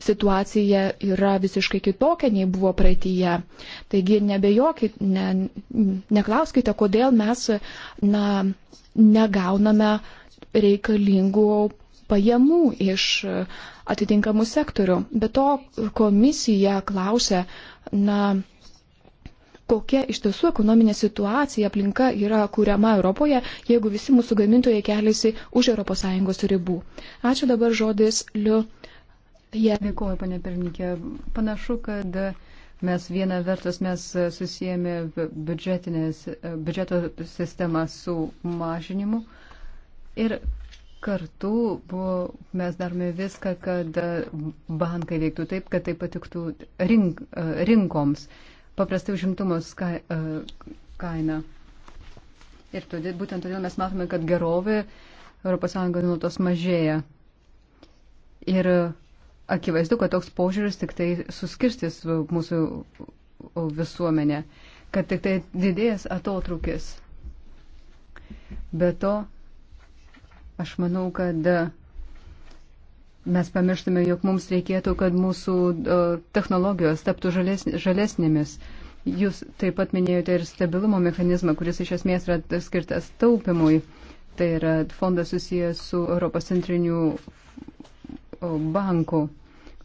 situacija yra visiškai kitokia nei buvo praeitįje. Taigi nebejokit, ne, neklauskite, kodėl mes na, negauname reikalingų pajamų iš atitinkamų sektorių. Be to komisija klausia, na, kokia iš tiesų ekonominė situacija aplinka yra kuriama Europoje, jeigu visi mūsų gamintojai keliasi už ES ribų. Ačiū dabar žodis Liu. Yeah. Dėkuoju, panė pirmininkė. Panašu, kad mes viena vertus mes susijėmė biudžeto sistemą su mažinimu ir kartu buvo, mes darome viską, kad bankai veiktų taip, kad tai patiktų rink, rinkoms. Uh, paprastai užimtumos e, kaina. Ir todėl, būtent todėl mes matome, kad gerovė ES nuolatos mažėja. Ir akivaizdu, kad toks požiūris tik tai suskirstis mūsų visuomenė, kad tik tai didėjęs atotrukis. Be to, aš manau, kad mes pamirštume, jog mums reikėtų, kad mūsų technologijos taptų žalesnėmis. Jūs taip pat minėjote ir stabilumo mechanizmą, kuris iš esmės yra skirtas taupimui. Tai yra fondas susijęs su Europos centriniu banku,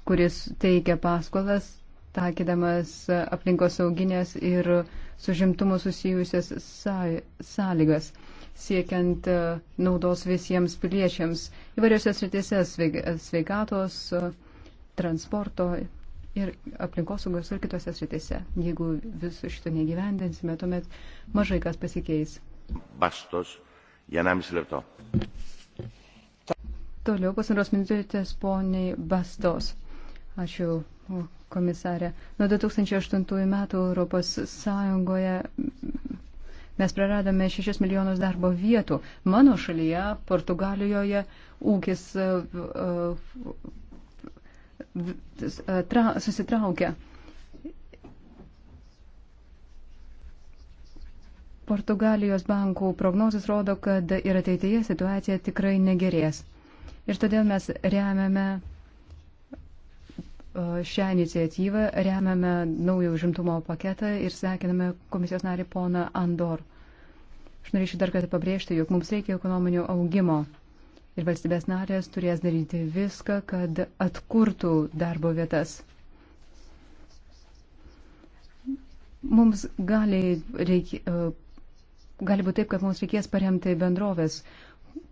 kuris teikia paskolas, takydamas aplinkos sauginės ir su žimtumu susijusias sąlygas. Sa siekiant e, naudos visiems piliečiams įvairiose sritise sveikatos, transporto ir aplinkosaugos ir kitose sritise. Jeigu visų šito negyvendinsime, tuomet mažai kas pasikeis. Bastos, Janamis Lėto. Toliau pasaros minutės poniai Bastos. Ačiū komisarė. Nuo 2008 metų Europos Sąjungoje Mes praradome 6 milijonus darbo vietų. Mano šalyje, Portugalijoje, ūkis e, e, tra, susitraukia. Portugalijos bankų prognozijas rodo, kad ir ateityje situacija tikrai negerės. Ir todėl mes remiame E, šią iniciatyvą, remiame naują užimtumo paketą ir sveikiname komisijos narį poną Andor. Aš norėčiau dar kartą pabrėžti, jog mums reikia ekonominio augimo ir valstybės narės turės daryti viską, kad atkurtų darbo vietas. Mums gali, reikia, e, gali būti taip, kad mums reikės paremti bendrovės,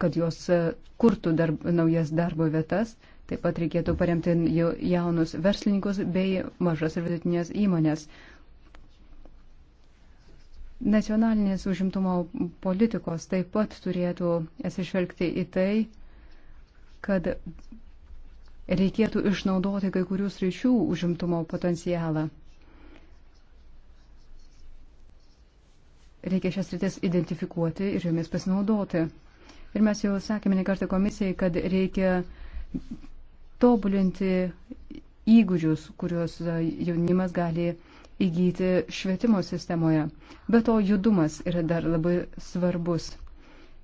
kad jos e, kurtų darb, naujas darbo vietas Taip pat reikėtų paremti jaunus verslininkus bei mažas ir vidutinės įmonės. Nacionalinės užimtumo politikos taip pat turėtų atsižvelgti į tai, kad reikėtų išnaudoti kai kurių sričių užimtumo potencialą. Reikia šias rytis identifikuoti ir jomis pasinaudoti. Ir mes jau sakėme ne kartą komisijai, kad reikia tobulinti įgūdžius, kuriuos e, jaunimas gali įgyti švietimo sistemoje. Be to, judumas yra dar labai svarbus.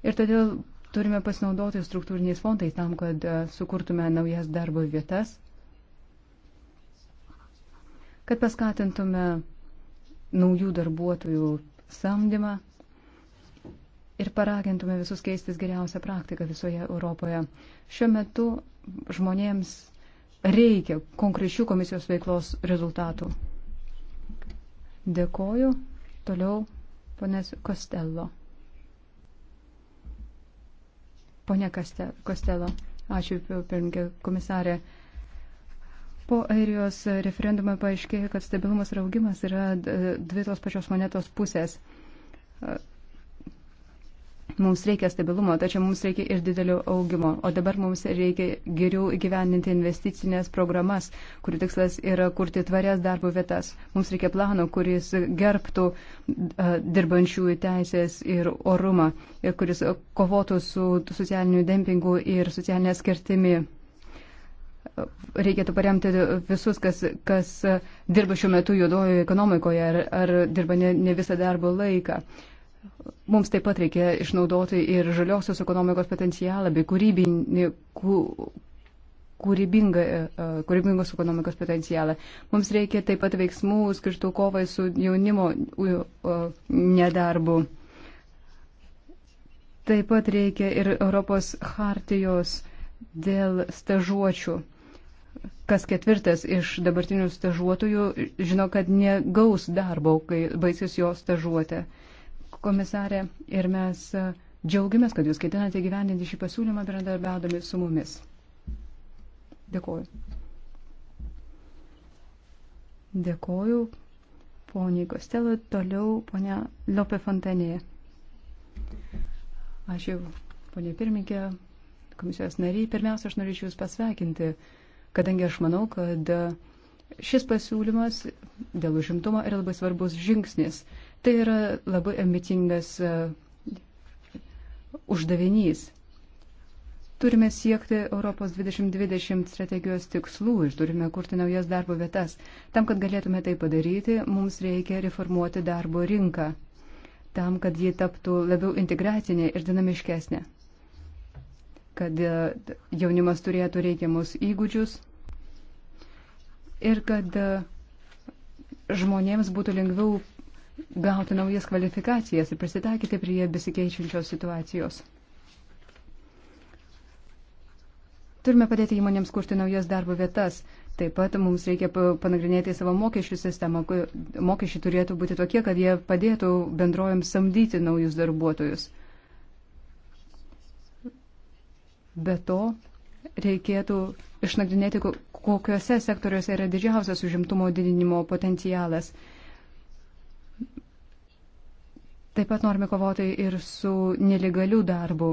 Ir todėl turime pasinaudoti struktūriniais fondais tam, kad e, sukurtume naujas darbo vietas, kad paskatintume naujų darbuotojų samdymą ir paragintume visus keistis geriausią praktiką visoje Europoje. Šiuo metu žmonėms reikia konkrečių komisijos veiklos rezultatų. Dėkoju. Toliau ponės Kostello. Pone Kostello, ačiū pirmininkė komisarė. Po airijos referendumo paaiškėjo, kad stabilumas ir augimas yra dvi tos pačios monetos pusės. Mums reikia stabilumo, tačiau mums reikia ir didelio augimo. O dabar mums reikia geriau gyveninti investicinės programas, kurių tikslas yra kurti tvarias darbo vietas. Mums reikia plano, kuris gerbtų uh, dirbančiųjų teisės ir orumą, ir kuris kovotų su socialiniu dempingu ir socialinė skirtimi. Reikėtų paremti visus, kas, kas dirba šiuo metu juodojoje ekonomikoje ar, ar dirba ne, ne visą darbo laiką. Uh, Mums taip pat reikia išnaudoti ir žaliosios ekonomikos potencialą bei kūrybinį, ku, kūrybingą, e, e, kūrybingos ekonomikos potencialą. Mums reikia taip pat veiksmų skirtų kovai su jaunimo nedarbu. Taip pat reikia ir Europos hartijos dėl stažuočių. Kas ketvirtas iš dabartinių stažuotojų žino, kad negaus darbo, kai baisės jo stažuotė. Uh, komisarė, ir mes e, džiaugiamės, kad jūs ketinate gyveninti šį pasiūlymą bendradarbiaudami su mumis. Dėkuoju. Dėkuoju, poniai Kostelui, toliau ponia Lope Fontanėje. Ačiū, ponia pirmininkė, komisijos nariai. Pirmiausia, aš norėčiau Jūs pasveikinti, kadangi aš manau, kad šis pasiūlymas dėl užimtumo yra labai svarbus žingsnis. Tai yra labai ambicingas e, uždavinys. Turime siekti Europos 2020 strategijos tikslų ir turime kurti naujas darbo vietas. Tam, kad galėtume tai padaryti, mums reikia reformuoti darbo rinką, tam, kad ji taptų labiau integracinė ir dinamiškesnė, kad e, jaunimas turėtų reikiamus įgūdžius ir kad e, žmonėms būtų lengviau gauti naujas kvalifikacijas ir prisitaikyti prie besikeičiančios situacijos. Turime padėti įmonėms kurti naujas darbo vietas. Taip pat mums reikia panagrinėti savo mokesčių sistemą. Mokesčiai turėtų būti tokie, kad jie padėtų bendrojams samdyti naujus darbuotojus. Be to, reikėtų išnagrinėti, kokiuose sektoriuose yra didžiausias užimtumo didinimo potencialas. Taip pat norime kovoti ir su nelegaliu darbu.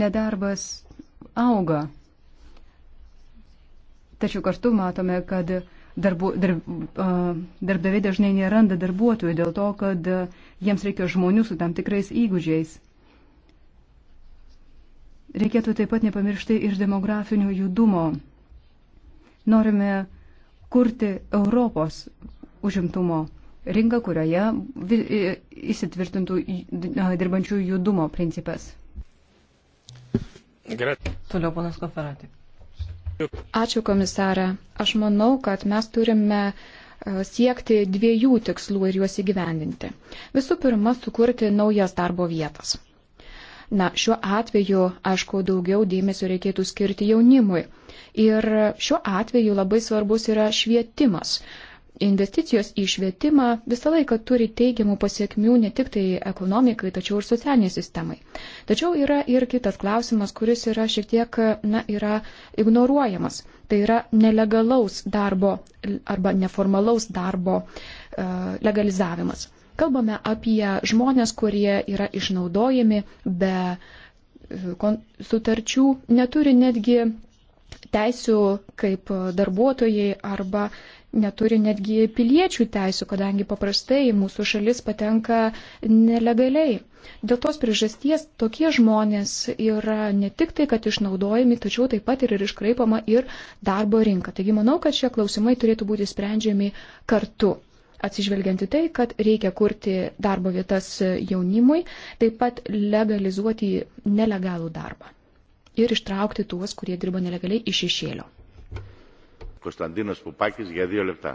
Nedarbas auga. Tačiau kartu matome, kad darbu, dar, darbdaviai dažnai neranda darbuotojų dėl to, kad jiems reikia žmonių su tam tikrais įgūdžiais. Reikėtų taip pat nepamiršti ir demografinio judumo. Norime kurti Europos užimtumo rinką, kurioje įsitvirtintų dirbančių judumo principas. Toliau ponas Koferatė. Ačiū komisarė. Aš manau, kad mes turime e, siekti dviejų tikslų ir juos įgyvendinti. Visų pirma, sukurti naujas darbo vietas. Na, šiuo atveju, aišku, daugiau dėmesio reikėtų skirti jaunimui. Ir šiuo atveju labai svarbus yra švietimas investicijos į švietimą visą laiką turi teigiamų pasiekmių ne tik tai ekonomikai, tačiau ir socialiniai sistemai. Tačiau yra ir kitas klausimas, kuris yra šiek tiek, na, yra ignoruojamas. Tai yra nelegalaus darbo arba neformalaus darbo uh, legalizavimas. Kalbame apie žmonės, kurie yra išnaudojami be e, sutarčių, neturi netgi teisių kaip darbuotojai arba neturi netgi piliečių teisų, kadangi paprastai mūsų šalis patenka nelegaliai. Dėl tos priežasties tokie žmonės yra ne tik tai, kad išnaudojami, tačiau taip pat ir iškraipama ir darbo rinka. Taigi manau, kad šie klausimai turėtų būti sprendžiami kartu atsižvelgianti tai, kad reikia kurti darbo vietas jaunimui, taip pat legalizuoti nelegalų darbą ir ištraukti tuos, kurie dirba nelegaliai iš šešėlio. Konstantinas Pupakis, jie dvi lepta.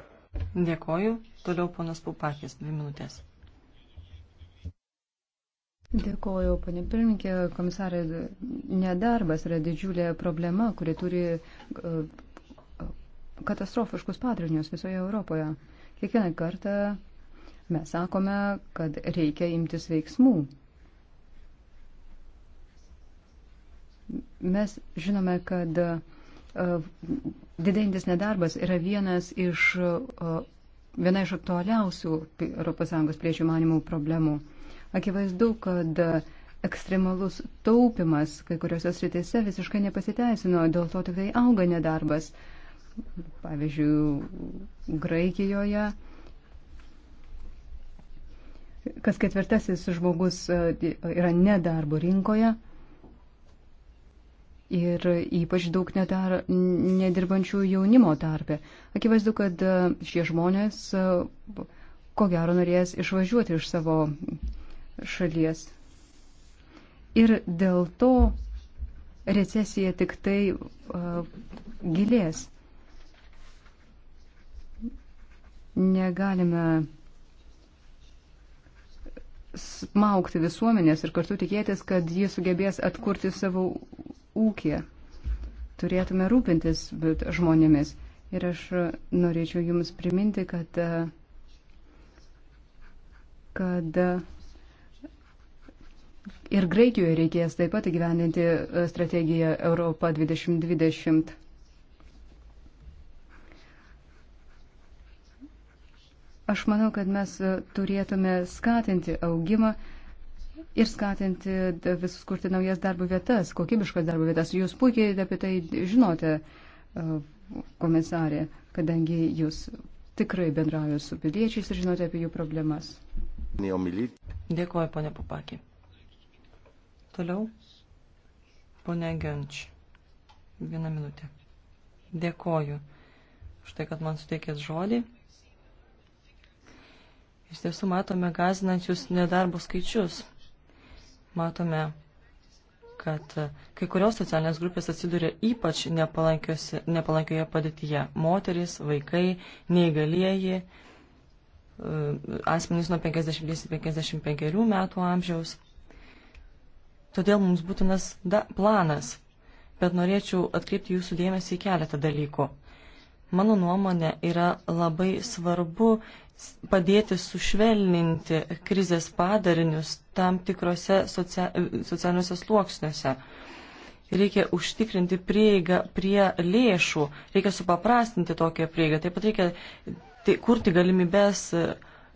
Dėkoju. Toliau ponas Pupakis, dvi minutės. Dėkoju, panė pirmininkė, komisarė, nedarbas yra didžiulė problema, kuri turi e, katastrofiškus padarinius visoje Europoje. Kiekvieną kartą mes sakome, kad reikia imtis veiksmų. Mes žinome, kad E, didintis nedarbas yra vienas iš, e, viena iš aktualiausių ES plėčių manimų problemų. Akivaizdu, kad ekstremalus taupimas kai kuriuose sritise visiškai nepasiteisino, dėl to tikrai auga nedarbas. Pavyzdžiui, Graikijoje kas ketvirtasis žmogus e, yra nedarbo rinkoje ir ypač daug nedar, nedirbančių jaunimo tarpe. Akivaizdu, kad e, šie žmonės e, ko gero norės išvažiuoti iš savo šalies. Ir dėl to recesija tik tai uh, gilės. Negalime smaukti visuomenės ir kartu tikėtis, kad jie sugebės atkurti savo ūkį. Turėtume rūpintis žmonėmis. Ir aš norėčiau Jums priminti, kad, kad ir Graikijoje reikės taip pat įgyvendinti strategiją Europa 2020. Aš manau, kad mes turėtume skatinti augimą ir skatinti visus kurti naujas darbo vietas, kokybiškas darbo vietas. Jūs puikiai apie tai žinote, e, komisarė, kadangi jūs tikrai bendraujate su piliečiais ir žinote apie jų problemas. Dėkuoju, ponė Papakė. Toliau, ponė Genč. Vieną minutę. Dėkoju už tai, kad man suteikėt žodį. Iš tiesų matome gazinančius nedarbo skaičius matome, kad kai kurios socialinės grupės atsiduria ypač nepalankioje padėtyje - moteris, vaikai, neįgalieji, e, asmenys nuo 50-55 metų amžiaus. Todėl mums būtinas da, planas, bet norėčiau atkreipti jūsų dėmesį į keletą dalykų mano nuomonė, yra labai svarbu padėti sušvelninti krizės padarinius tam tikrose socia socialiniuose sluoksniuose. Reikia užtikrinti prieigą prie lėšų, reikia supaprastinti tokią prieigą, taip pat reikia tai kurti galimybės e,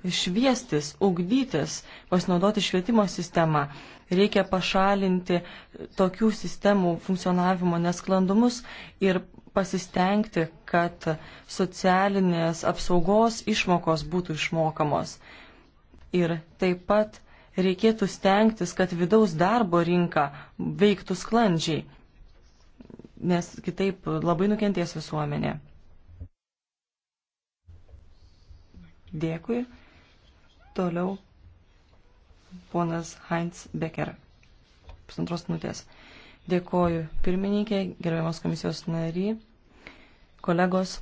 šviestis, ugdytis, pasinaudoti švietimo sistemą. Reikia pašalinti tokių sistemų funkcionavimo nesklandumus ir pasistengti, kad socialinės apsaugos išmokos būtų išmokamos. Ir taip pat reikėtų stengtis, kad vidaus darbo rinka veiktų sklandžiai, nes kitaip labai nukenties visuomenė. Dėkui. Toliau ponas Heinz Becker. Pusantros minutės. Dėkoju pirmininkė, gerbiamas komisijos nariai. Kolegos,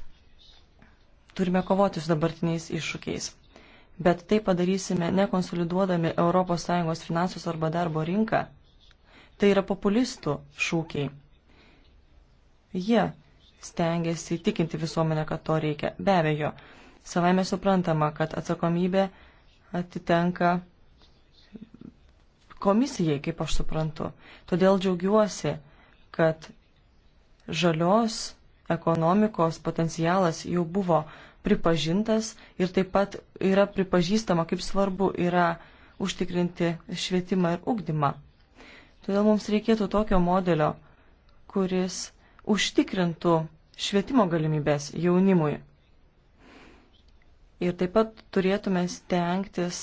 turime kovoti su dabartiniais iššūkiais. Bet tai padarysime nekonsoliduodami ES finansus arba darbo rinką. Tai yra populistų šūkiai. Jie stengiasi įtikinti visuomenę, kad to reikia. Be abejo, savaime suprantama, kad atsakomybė atitenka komisijai, kaip aš suprantu. Todėl džiaugiuosi, kad žalios ekonomikos potencialas jau buvo pripažintas ir taip pat yra pripažįstama, kaip svarbu yra užtikrinti švietimą ir ugdymą. Todėl mums reikėtų tokio modelio, kuris užtikrintų švietimo galimybės jaunimui. Ir taip pat turėtume stengtis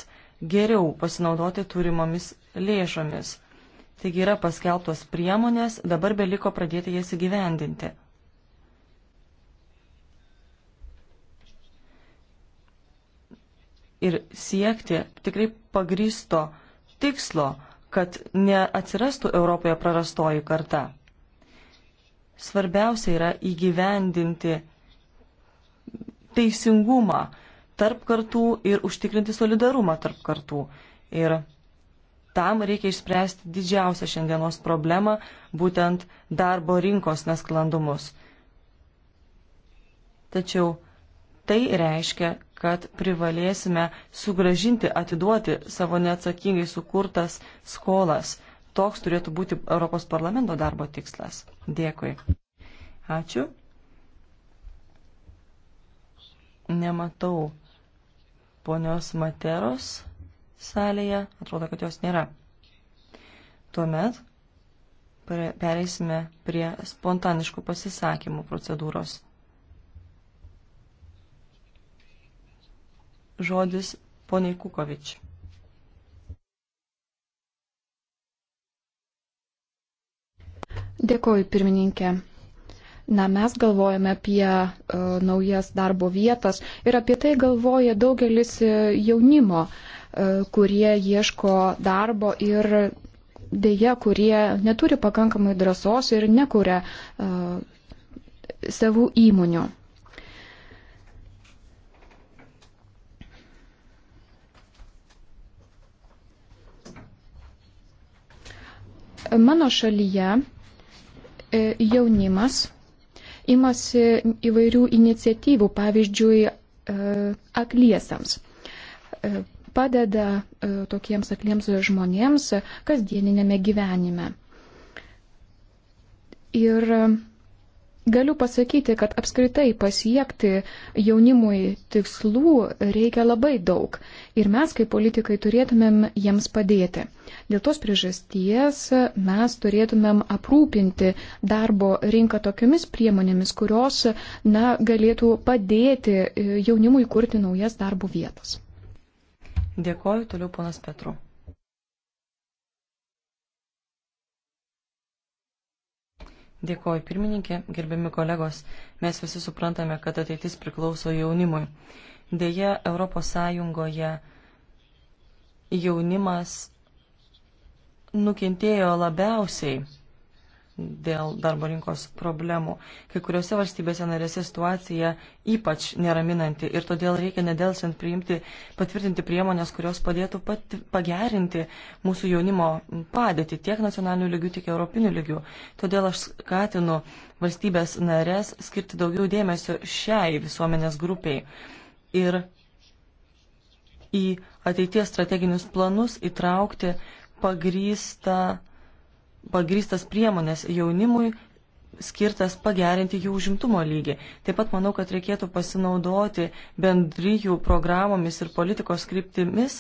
geriau pasinaudoti turimomis lėšomis. Taigi yra paskelbtos priemonės, dabar beliko pradėti jas įgyvendinti. ir siekti tikrai pagrysto tikslo, kad neatsirastų Europoje prarastoji karta. Svarbiausia yra įgyvendinti teisingumą tarp kartų ir užtikrinti solidarumą tarp kartų. Ir tam reikia išspręsti didžiausią šiandienos problemą - būtent darbo rinkos nesklandumus. Tačiau tai reiškia kad privalėsime sugražinti, atiduoti savo neatsakingai sukurtas skolas. Toks turėtų būti Europos parlamento darbo tikslas. Dėkui. Ačiū. Nematau ponios materos salėje. Atrodo, kad jos nėra. Tuomet pereisime prie spontaniškų pasisakymų procedūros. žodis poniai Kukovič. Dėkoju, pirmininkė. Na, mes galvojame apie uh, naujas darbo vietas ir apie tai galvoja daugelis e, jaunimo, uh, kurie ieško darbo ir dėja, kurie neturi pakankamai drąsos ir nekuria uh, savų įmonių. Mano šalyje e, jaunimas imasi įvairių iniciatyvų, pavyzdžiui, e, akliesiams. E, padeda tokiems akliems žmonėms kasdieninėme gyvenime. Ir Galiu pasakyti, kad apskritai pasiekti jaunimui tikslų reikia labai daug ir mes kaip politikai turėtumėm jiems padėti. Dėl tos priežasties mes turėtumėm aprūpinti darbo rinką tokiamis priemonėmis, kurios na, galėtų padėti e, jaunimui kurti naujas darbo vietas. Dėkoju toliau ponas Petru. Dėkoju pirmininkė, gerbiami kolegos. Mes visi suprantame, kad ateitis priklauso jaunimui. Deja, ES jaunimas nukentėjo labiausiai dėl darbo rinkos problemų. Kai kuriuose valstybėse narėse situacija ypač neraminanti ir todėl reikia nedelsiant priimti, patvirtinti priemonės, kurios padėtų pat, pagerinti mūsų jaunimo padėtį tiek nacionalinių lygių, tiek europinių lygių. Todėl aš skatinu valstybės narės skirti daugiau dėmesio šiai visuomenės grupiai. Ir į ateities strateginius planus įtraukti pagrįstą pagrįstas priemonės jaunimui skirtas pagerinti jų užimtumo lygį. Taip pat manau, kad reikėtų pasinaudoti bendryjų programomis ir politikos kryptimis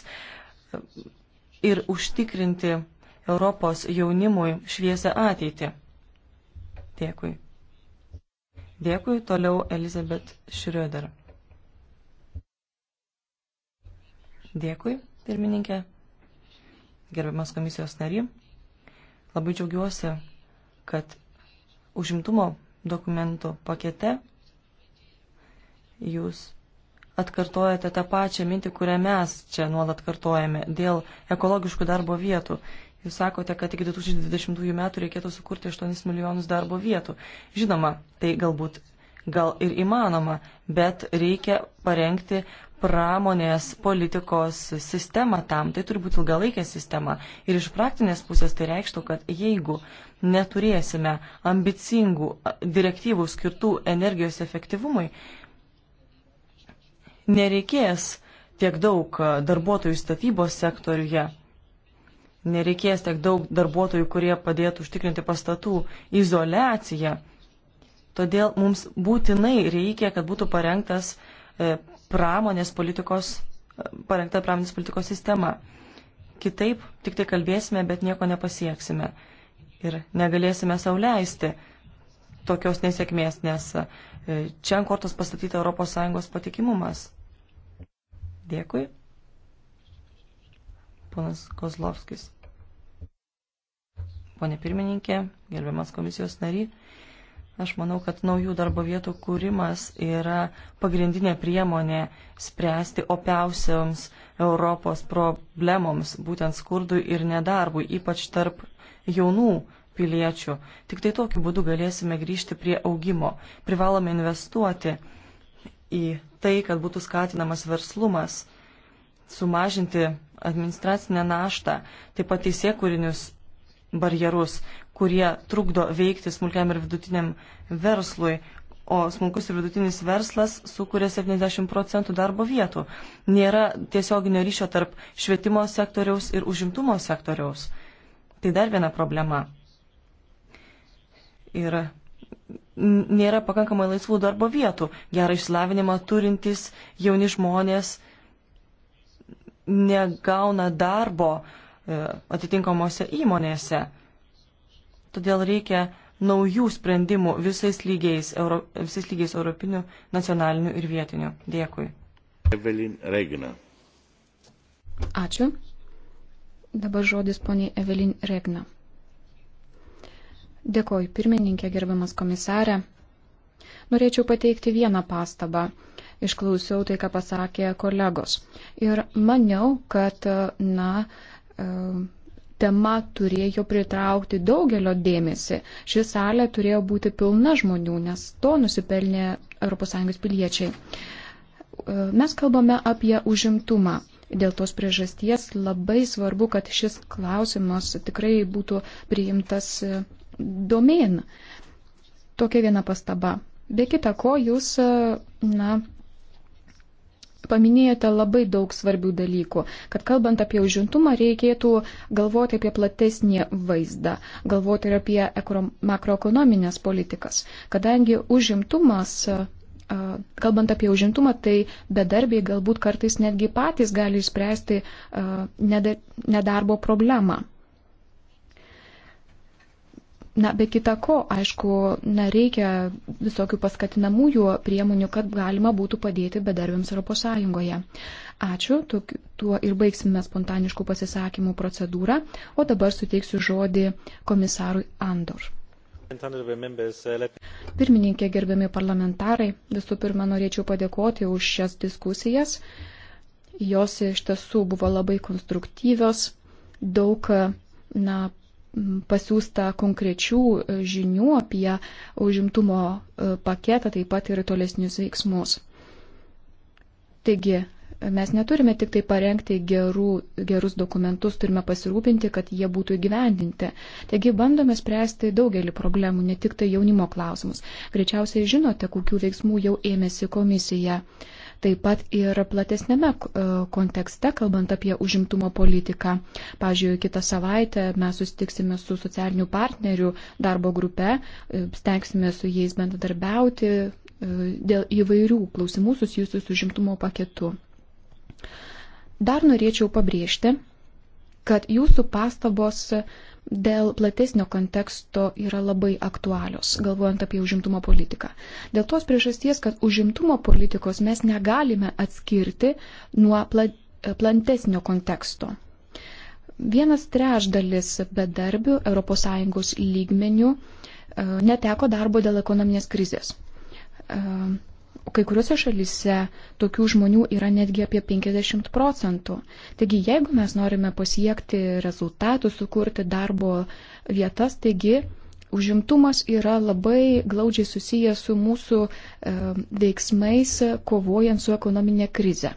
ir užtikrinti Europos jaunimui šviesę ateitį. Dėkui. Dėkui toliau Elizabeth Schröder. Dėkui, pirmininkė. Gerbiamas komisijos nary. Labai džiaugiuosi, kad užimtumo dokumentų pakete jūs atkartojate tą pačią mintį, kurią mes čia nuolat kartojame dėl ekologiškų darbo vietų. Jūs sakote, kad iki 2020 metų reikėtų sukurti 8 milijonus darbo vietų. Žinoma, tai galbūt gal ir įmanoma, bet reikia parengti pramonės politikos sistemą tam. Tai turi būti ilgalaikė sistema. Ir iš praktinės pusės tai reikštų, kad jeigu neturėsime ambicingų direktyvų skirtų energijos efektyvumui, nereikės tiek daug darbuotojų statybos sektoriuje, nereikės tiek daug darbuotojų, kurie padėtų užtikrinti pastatų izolaciją Todėl mums būtinai reikia, kad būtų parengtas e, pramonės politikos, e, parengta pramonės politikos sistema. Kitaip tik tai kalbėsime, bet nieko nepasieksime. Ir negalėsime sauliaisti tokios nesėkmės, nes e, čia ant kortos pastatyta ES patikimumas. Dėkui. Ponas Kozlovskis. Pone pirmininkė, gerbiamas komisijos nariai. Aš manau, kad naujų darbo vietų kūrimas yra pagrindinė priemonė spręsti opiausiams Europos problemoms, būtent skurdui ir nedarbui, ypač tarp jaunų piliečių. Tik tai tokiu būdu galėsime grįžti prie augimo. Privalome investuoti į tai, kad būtų skatinamas verslumas, sumažinti administracinę naštą, taip pat teisėkūrinius barjerus, kurie trukdo veikti smulkiam ir vidutiniam verslui, o smulkus ir vidutinis verslas sukuria 70 procentų darbo vietų. Nėra tiesioginio ryšio tarp švietimo sektoriaus ir užimtumo sektoriaus. Tai dar viena problema. Ir nėra pakankamai laisvų darbo vietų. Gerą išsilavinimą turintys jauni žmonės negauna darbo e, atitinkamose įmonėse. Todėl reikia naujų sprendimų visais lygiais, euro, visais lygiais europinių, nacionalinių ir vietinių. Dėkui. Evelin Regna. Ačiū. Dabar žodis poniai Evelin Regna. Dėkoju pirmininkė, gerbiamas komisarė. Norėčiau pateikti vieną pastabą. Išklausiau tai, ką pasakė kolegos. Ir maniau, kad, na, e, tema turėjo pritraukti daugelio dėmesį. Ši salė turėjo būti pilna žmonių, nes to nusipelnė ES piliečiai. E, mes kalbame apie užimtumą. Dėl tos priežasties labai svarbu, kad šis klausimas tikrai būtų priimtas e, domin. Tokia viena pastaba. Be kita ko, jūs, e, na, paminėjote labai daug svarbių dalykų, kad kalbant apie užimtumą reikėtų galvoti apie platesnį vaizdą, galvoti ir apie makroekonominės politikas, kadangi užimtumas. Kalbant apie užimtumą, tai bedarbiai galbūt kartais netgi patys gali išspręsti nedarbo problemą. Na, be kita ko, aišku, na, reikia visokių paskatinamųjų priemonių, kad galima būtų padėti bedarbiams ES. Ačiū, tuo ir baigsime spontaniškų pasisakymų procedūrą, o dabar suteiksiu žodį komisarui Andor. Pirmininkė, gerbiami parlamentarai, visų pirma, norėčiau padėkoti už šias diskusijas. Jos iš tiesų buvo labai konstruktyvios, daug na, pasiūsta konkrečių e, žinių apie e, užimtumo e, paketą, taip pat ir tolesnius veiksmus. Taigi, mes neturime tik tai parengti gerų, gerus dokumentus, turime pasirūpinti, kad jie būtų įgyvendinti. Taigi bandome spręsti daugelį problemų, ne tik tai jaunimo klausimus. Greičiausiai žinote, kokių veiksmų jau ėmėsi komisija taip pat ir platesnėme e, kontekste, kalbant apie užimtumo politiką. Pavyzdžiui, kitą savaitę mes susitiksime su socialinių partnerių darbo grupe, e, stengsime su jais bendradarbiauti e, dėl įvairių klausimų susijusių su užimtumo paketu. Dar norėčiau pabrėžti, kad jūsų pastabos dėl platesnio konteksto yra labai aktualios, galvojant apie užimtumo politiką. Dėl tos priežasties, kad užimtumo politikos mes negalime atskirti nuo platesnio konteksto. Vienas trešdalis bedarbių ES lygmenių e, neteko darbo dėl ekonominės krizės. E, kai kuriuose šalise tokių žmonių yra netgi apie 50 procentų. Taigi, jeigu mes norime pasiekti rezultatų, sukurti darbo vietas, taigi užimtumas yra labai glaudžiai susijęs su mūsų e, veiksmais kovojant su ekonominė krize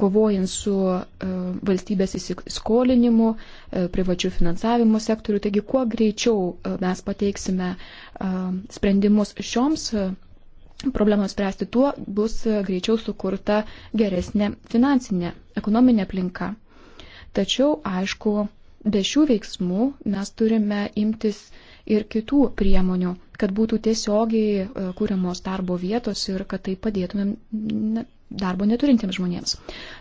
kovojant su e, valstybės įsiskolinimu, e, privačių finansavimo sektoriu. Taigi, kuo greičiau e, mes pateiksime sprendimus šioms problemams spręsti, tuo bus e, greičiau sukurta geresnė finansinė, ekonominė aplinka. Tačiau, aišku, be šių veiksmų mes turime imtis ir kitų priemonių, kad būtų tiesiogiai e, kūriamos darbo vietos ir kad tai padėtumėm darbo neturintiems žmonėms.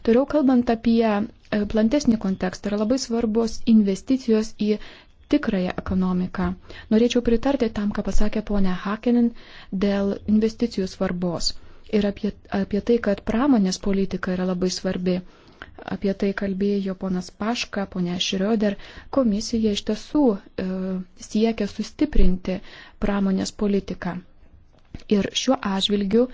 Toliau kalbant apie e, plantesnį kontekstą, yra labai svarbos investicijos į tikrąją ekonomiką. Norėčiau pritarti tam, ką pasakė ponė Hakenin dėl investicijų svarbos ir apie, apie tai, kad pramonės politika yra labai svarbi. Apie tai kalbėjo ponas Paška, ponė Šrioder. Komisija iš tiesų e, siekia sustiprinti pramonės politiką. Ir šiuo atžvilgiu e,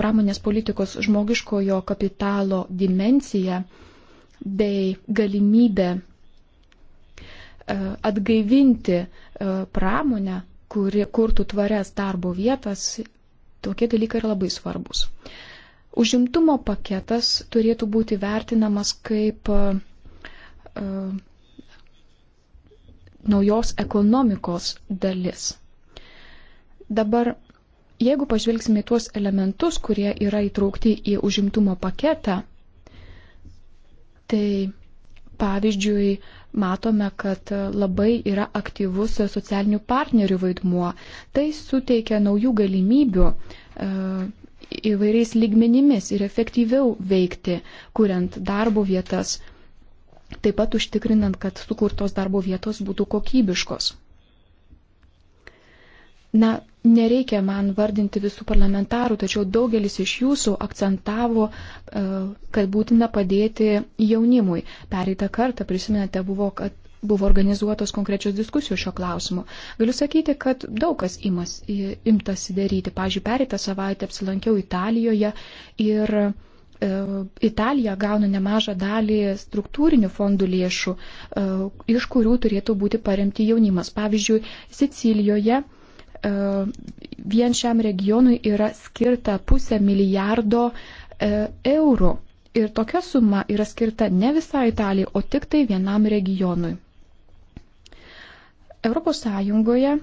pramonės politikos žmogiškojo kapitalo dimencija bei galimybė E, atgaivinti e, pramonę, kuri kurtų tvarias darbo vietas, tokie dalykai yra labai svarbus. Užimtumo paketas turėtų būti vertinamas kaip e, naujos ekonomikos dalis. Dabar, jeigu pažvelgsime į tuos elementus, kurie yra įtraukti į užimtumo paketą, tai Pavyzdžiui, matome, kad labai yra aktyvus socialinių partnerių vaidmuo. Tai suteikia naujų galimybių e, įvairiais lygmenimis ir efektyviau veikti, kuriant darbo vietas, taip pat užtikrinant, kad sukurtos darbo vietos būtų kokybiškos. Na, Nereikia man vardinti visų parlamentarų, tačiau daugelis iš jūsų akcentavo, e, kad būtina padėti jaunimui. Pereitą kartą, prisimenate, buvo, kad buvo organizuotos konkrečios diskusijos šio klausimu. Galiu sakyti, kad daug kas imas, imtasi daryti. Pavyzdžiui, pereitą savaitę apsilankiau Italijoje ir e, Italija gauna nemažą dalį struktūrinių fondų lėšų, e, iš kurių turėtų būti paremti jaunimas. Pavyzdžiui, Sicilijoje e, E, vien šiam regionui yra skirta pusę milijardo e, eurų. Ir tokia suma yra skirta ne visai Italijai, o tik tai vienam regionui. Europos Sąjungoje e,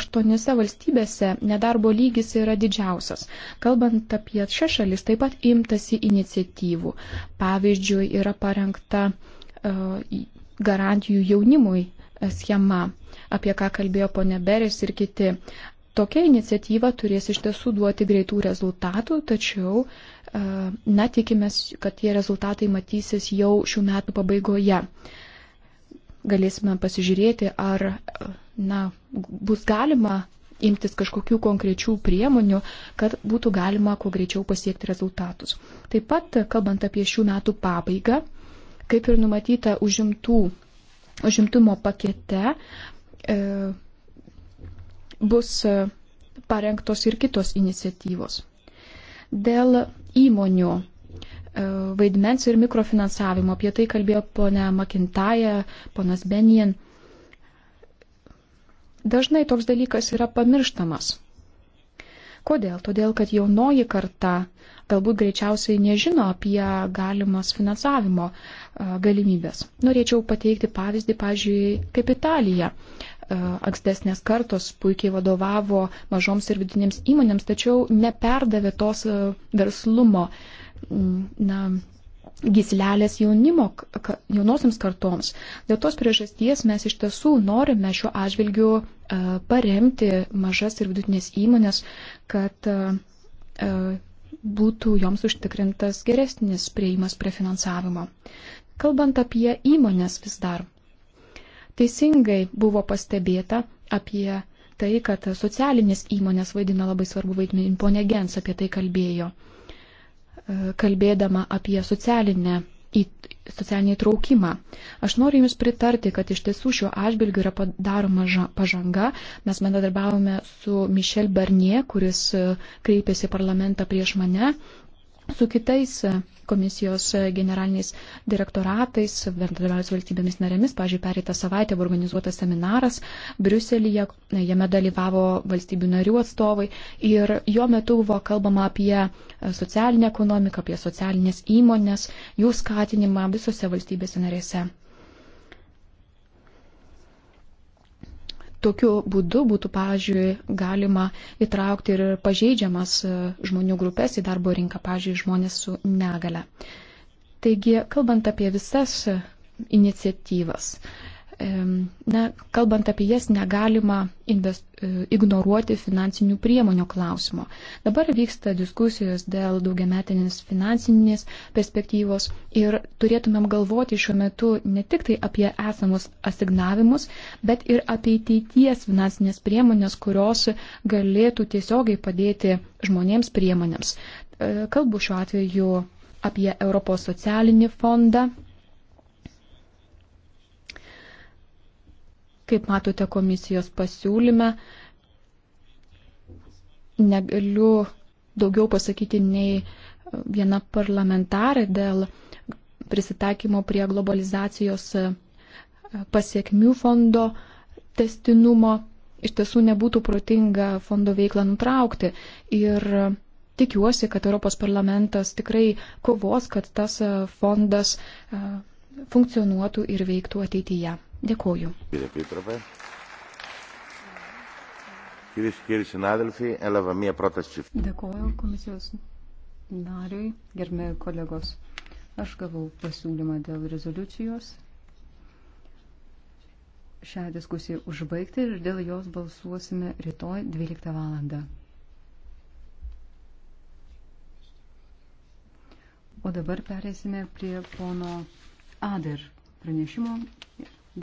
aštuoniuose valstybėse nedarbo lygis yra didžiausias. Kalbant apie šias šalis, taip pat imtasi iniciatyvų. Pavyzdžiui, yra parengta garantijų jaunimui e, schema, apie ką kalbėjo ponė Beris ir kiti. Tokia iniciatyva turės iš tiesų duoti greitų rezultatų, tačiau, e, na, tikimės, kad tie rezultatai matysis jau šių metų pabaigoje. Galėsime pasižiūrėti, ar, e, na, bus galima imtis kažkokių konkrečių priemonių, kad būtų galima kuo greičiau pasiekti rezultatus. Taip pat, kalbant apie šių metų pabaigą, kaip ir numatyta užimtų, užimtumo pakete, e, bus e, parengtos ir kitos iniciatyvos. Dėl įmonių e, vaidmens ir mikrofinansavimo, apie tai kalbėjo ponia Makintaja, ponas Benjen. Dažnai toks dalykas yra pamirštamas. Kodėl? Todėl, kad jaunoji karta galbūt greičiausiai nežino apie galimas finansavimo galimybės. Norėčiau pateikti pavyzdį, pažiūrėjau, kaip Italija. Ankstesnės kartos puikiai vadovavo mažoms ir vidinėms įmonėms, tačiau neperdavė tos verslumo na, gislelės jaunimo, jaunosiams kartoms. Dėl tos priežasties mes iš tiesų norime šiuo atžvilgiu e, paremti mažas ir vidutinės įmonės, kad e, e, būtų joms užtikrintas geresnis prieimas prie finansavimo. Kalbant apie įmonės vis dar. Teisingai buvo pastebėta apie tai, kad socialinės įmonės vaidina labai svarbu vaidmenį. Pone Gens apie tai kalbėjo. E, kalbėdama apie socialinę į socialinį įtraukimą. Aš noriu Jums pritarti, kad iš tiesų šiuo atžvilgiu yra padaroma pažanga. Mes bendradarbiavome su Mišel Barnie, kuris e, kreipėsi parlamentą prieš mane su kitais komisijos generaliniais direktoratais, bendradarbiavimas valstybėmis narėmis. Pavyzdžiui, pereitą savaitę buvo organizuotas seminaras Briuselyje, jame dalyvavo valstybių narių atstovai ir jo metu buvo kalbama apie socialinę ekonomiką, apie socialinės įmonės, jų skatinimą visose valstybėse narėse. Tokiu būdu būtų, pavyzdžiui, galima įtraukti ir pažeidžiamas e, žmonių grupės į darbo rinką, pavyzdžiui, žmonės su negale. Taigi, kalbant apie visas iniciatyvas, Na, kalbant apie jas, negalima invest, e, ignoruoti finansinių priemonių klausimo. Dabar vyksta diskusijos dėl daugiametinės finansinės perspektyvos ir turėtumėm galvoti šiuo metu ne tik tai apie esamus asignavimus, bet ir apie ateities finansinės priemonės, kurios galėtų tiesiogiai padėti žmonėms priemonėms. E, kalbu šiuo atveju apie Europos socialinį fondą Kaip matote komisijos pasiūlyme, negaliu daugiau pasakyti nei viena parlamentarė dėl prisitaikymo prie globalizacijos e, pasiekmių fondo testinumo. Iš tiesų nebūtų protinga fondo veiklą nutraukti. Ir tikiuosi, kad Europos parlamentas tikrai kovos, kad tas e, fondas e, funkcionuotų ir veiktų ateityje. Dėkuoju. Dėkuoju komisijos nariui, gerbėjai kolegos. Aš gavau pasiūlymą dėl rezoliucijos šią diskusiją užbaigti ir dėl jos balsuosime rytoj 12 valandą. O dabar perėsime prie pono Ader pranešimo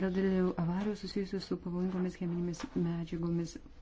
dėl didelių avarijų susijusių su pavojingomis cheminėmis medžiagomis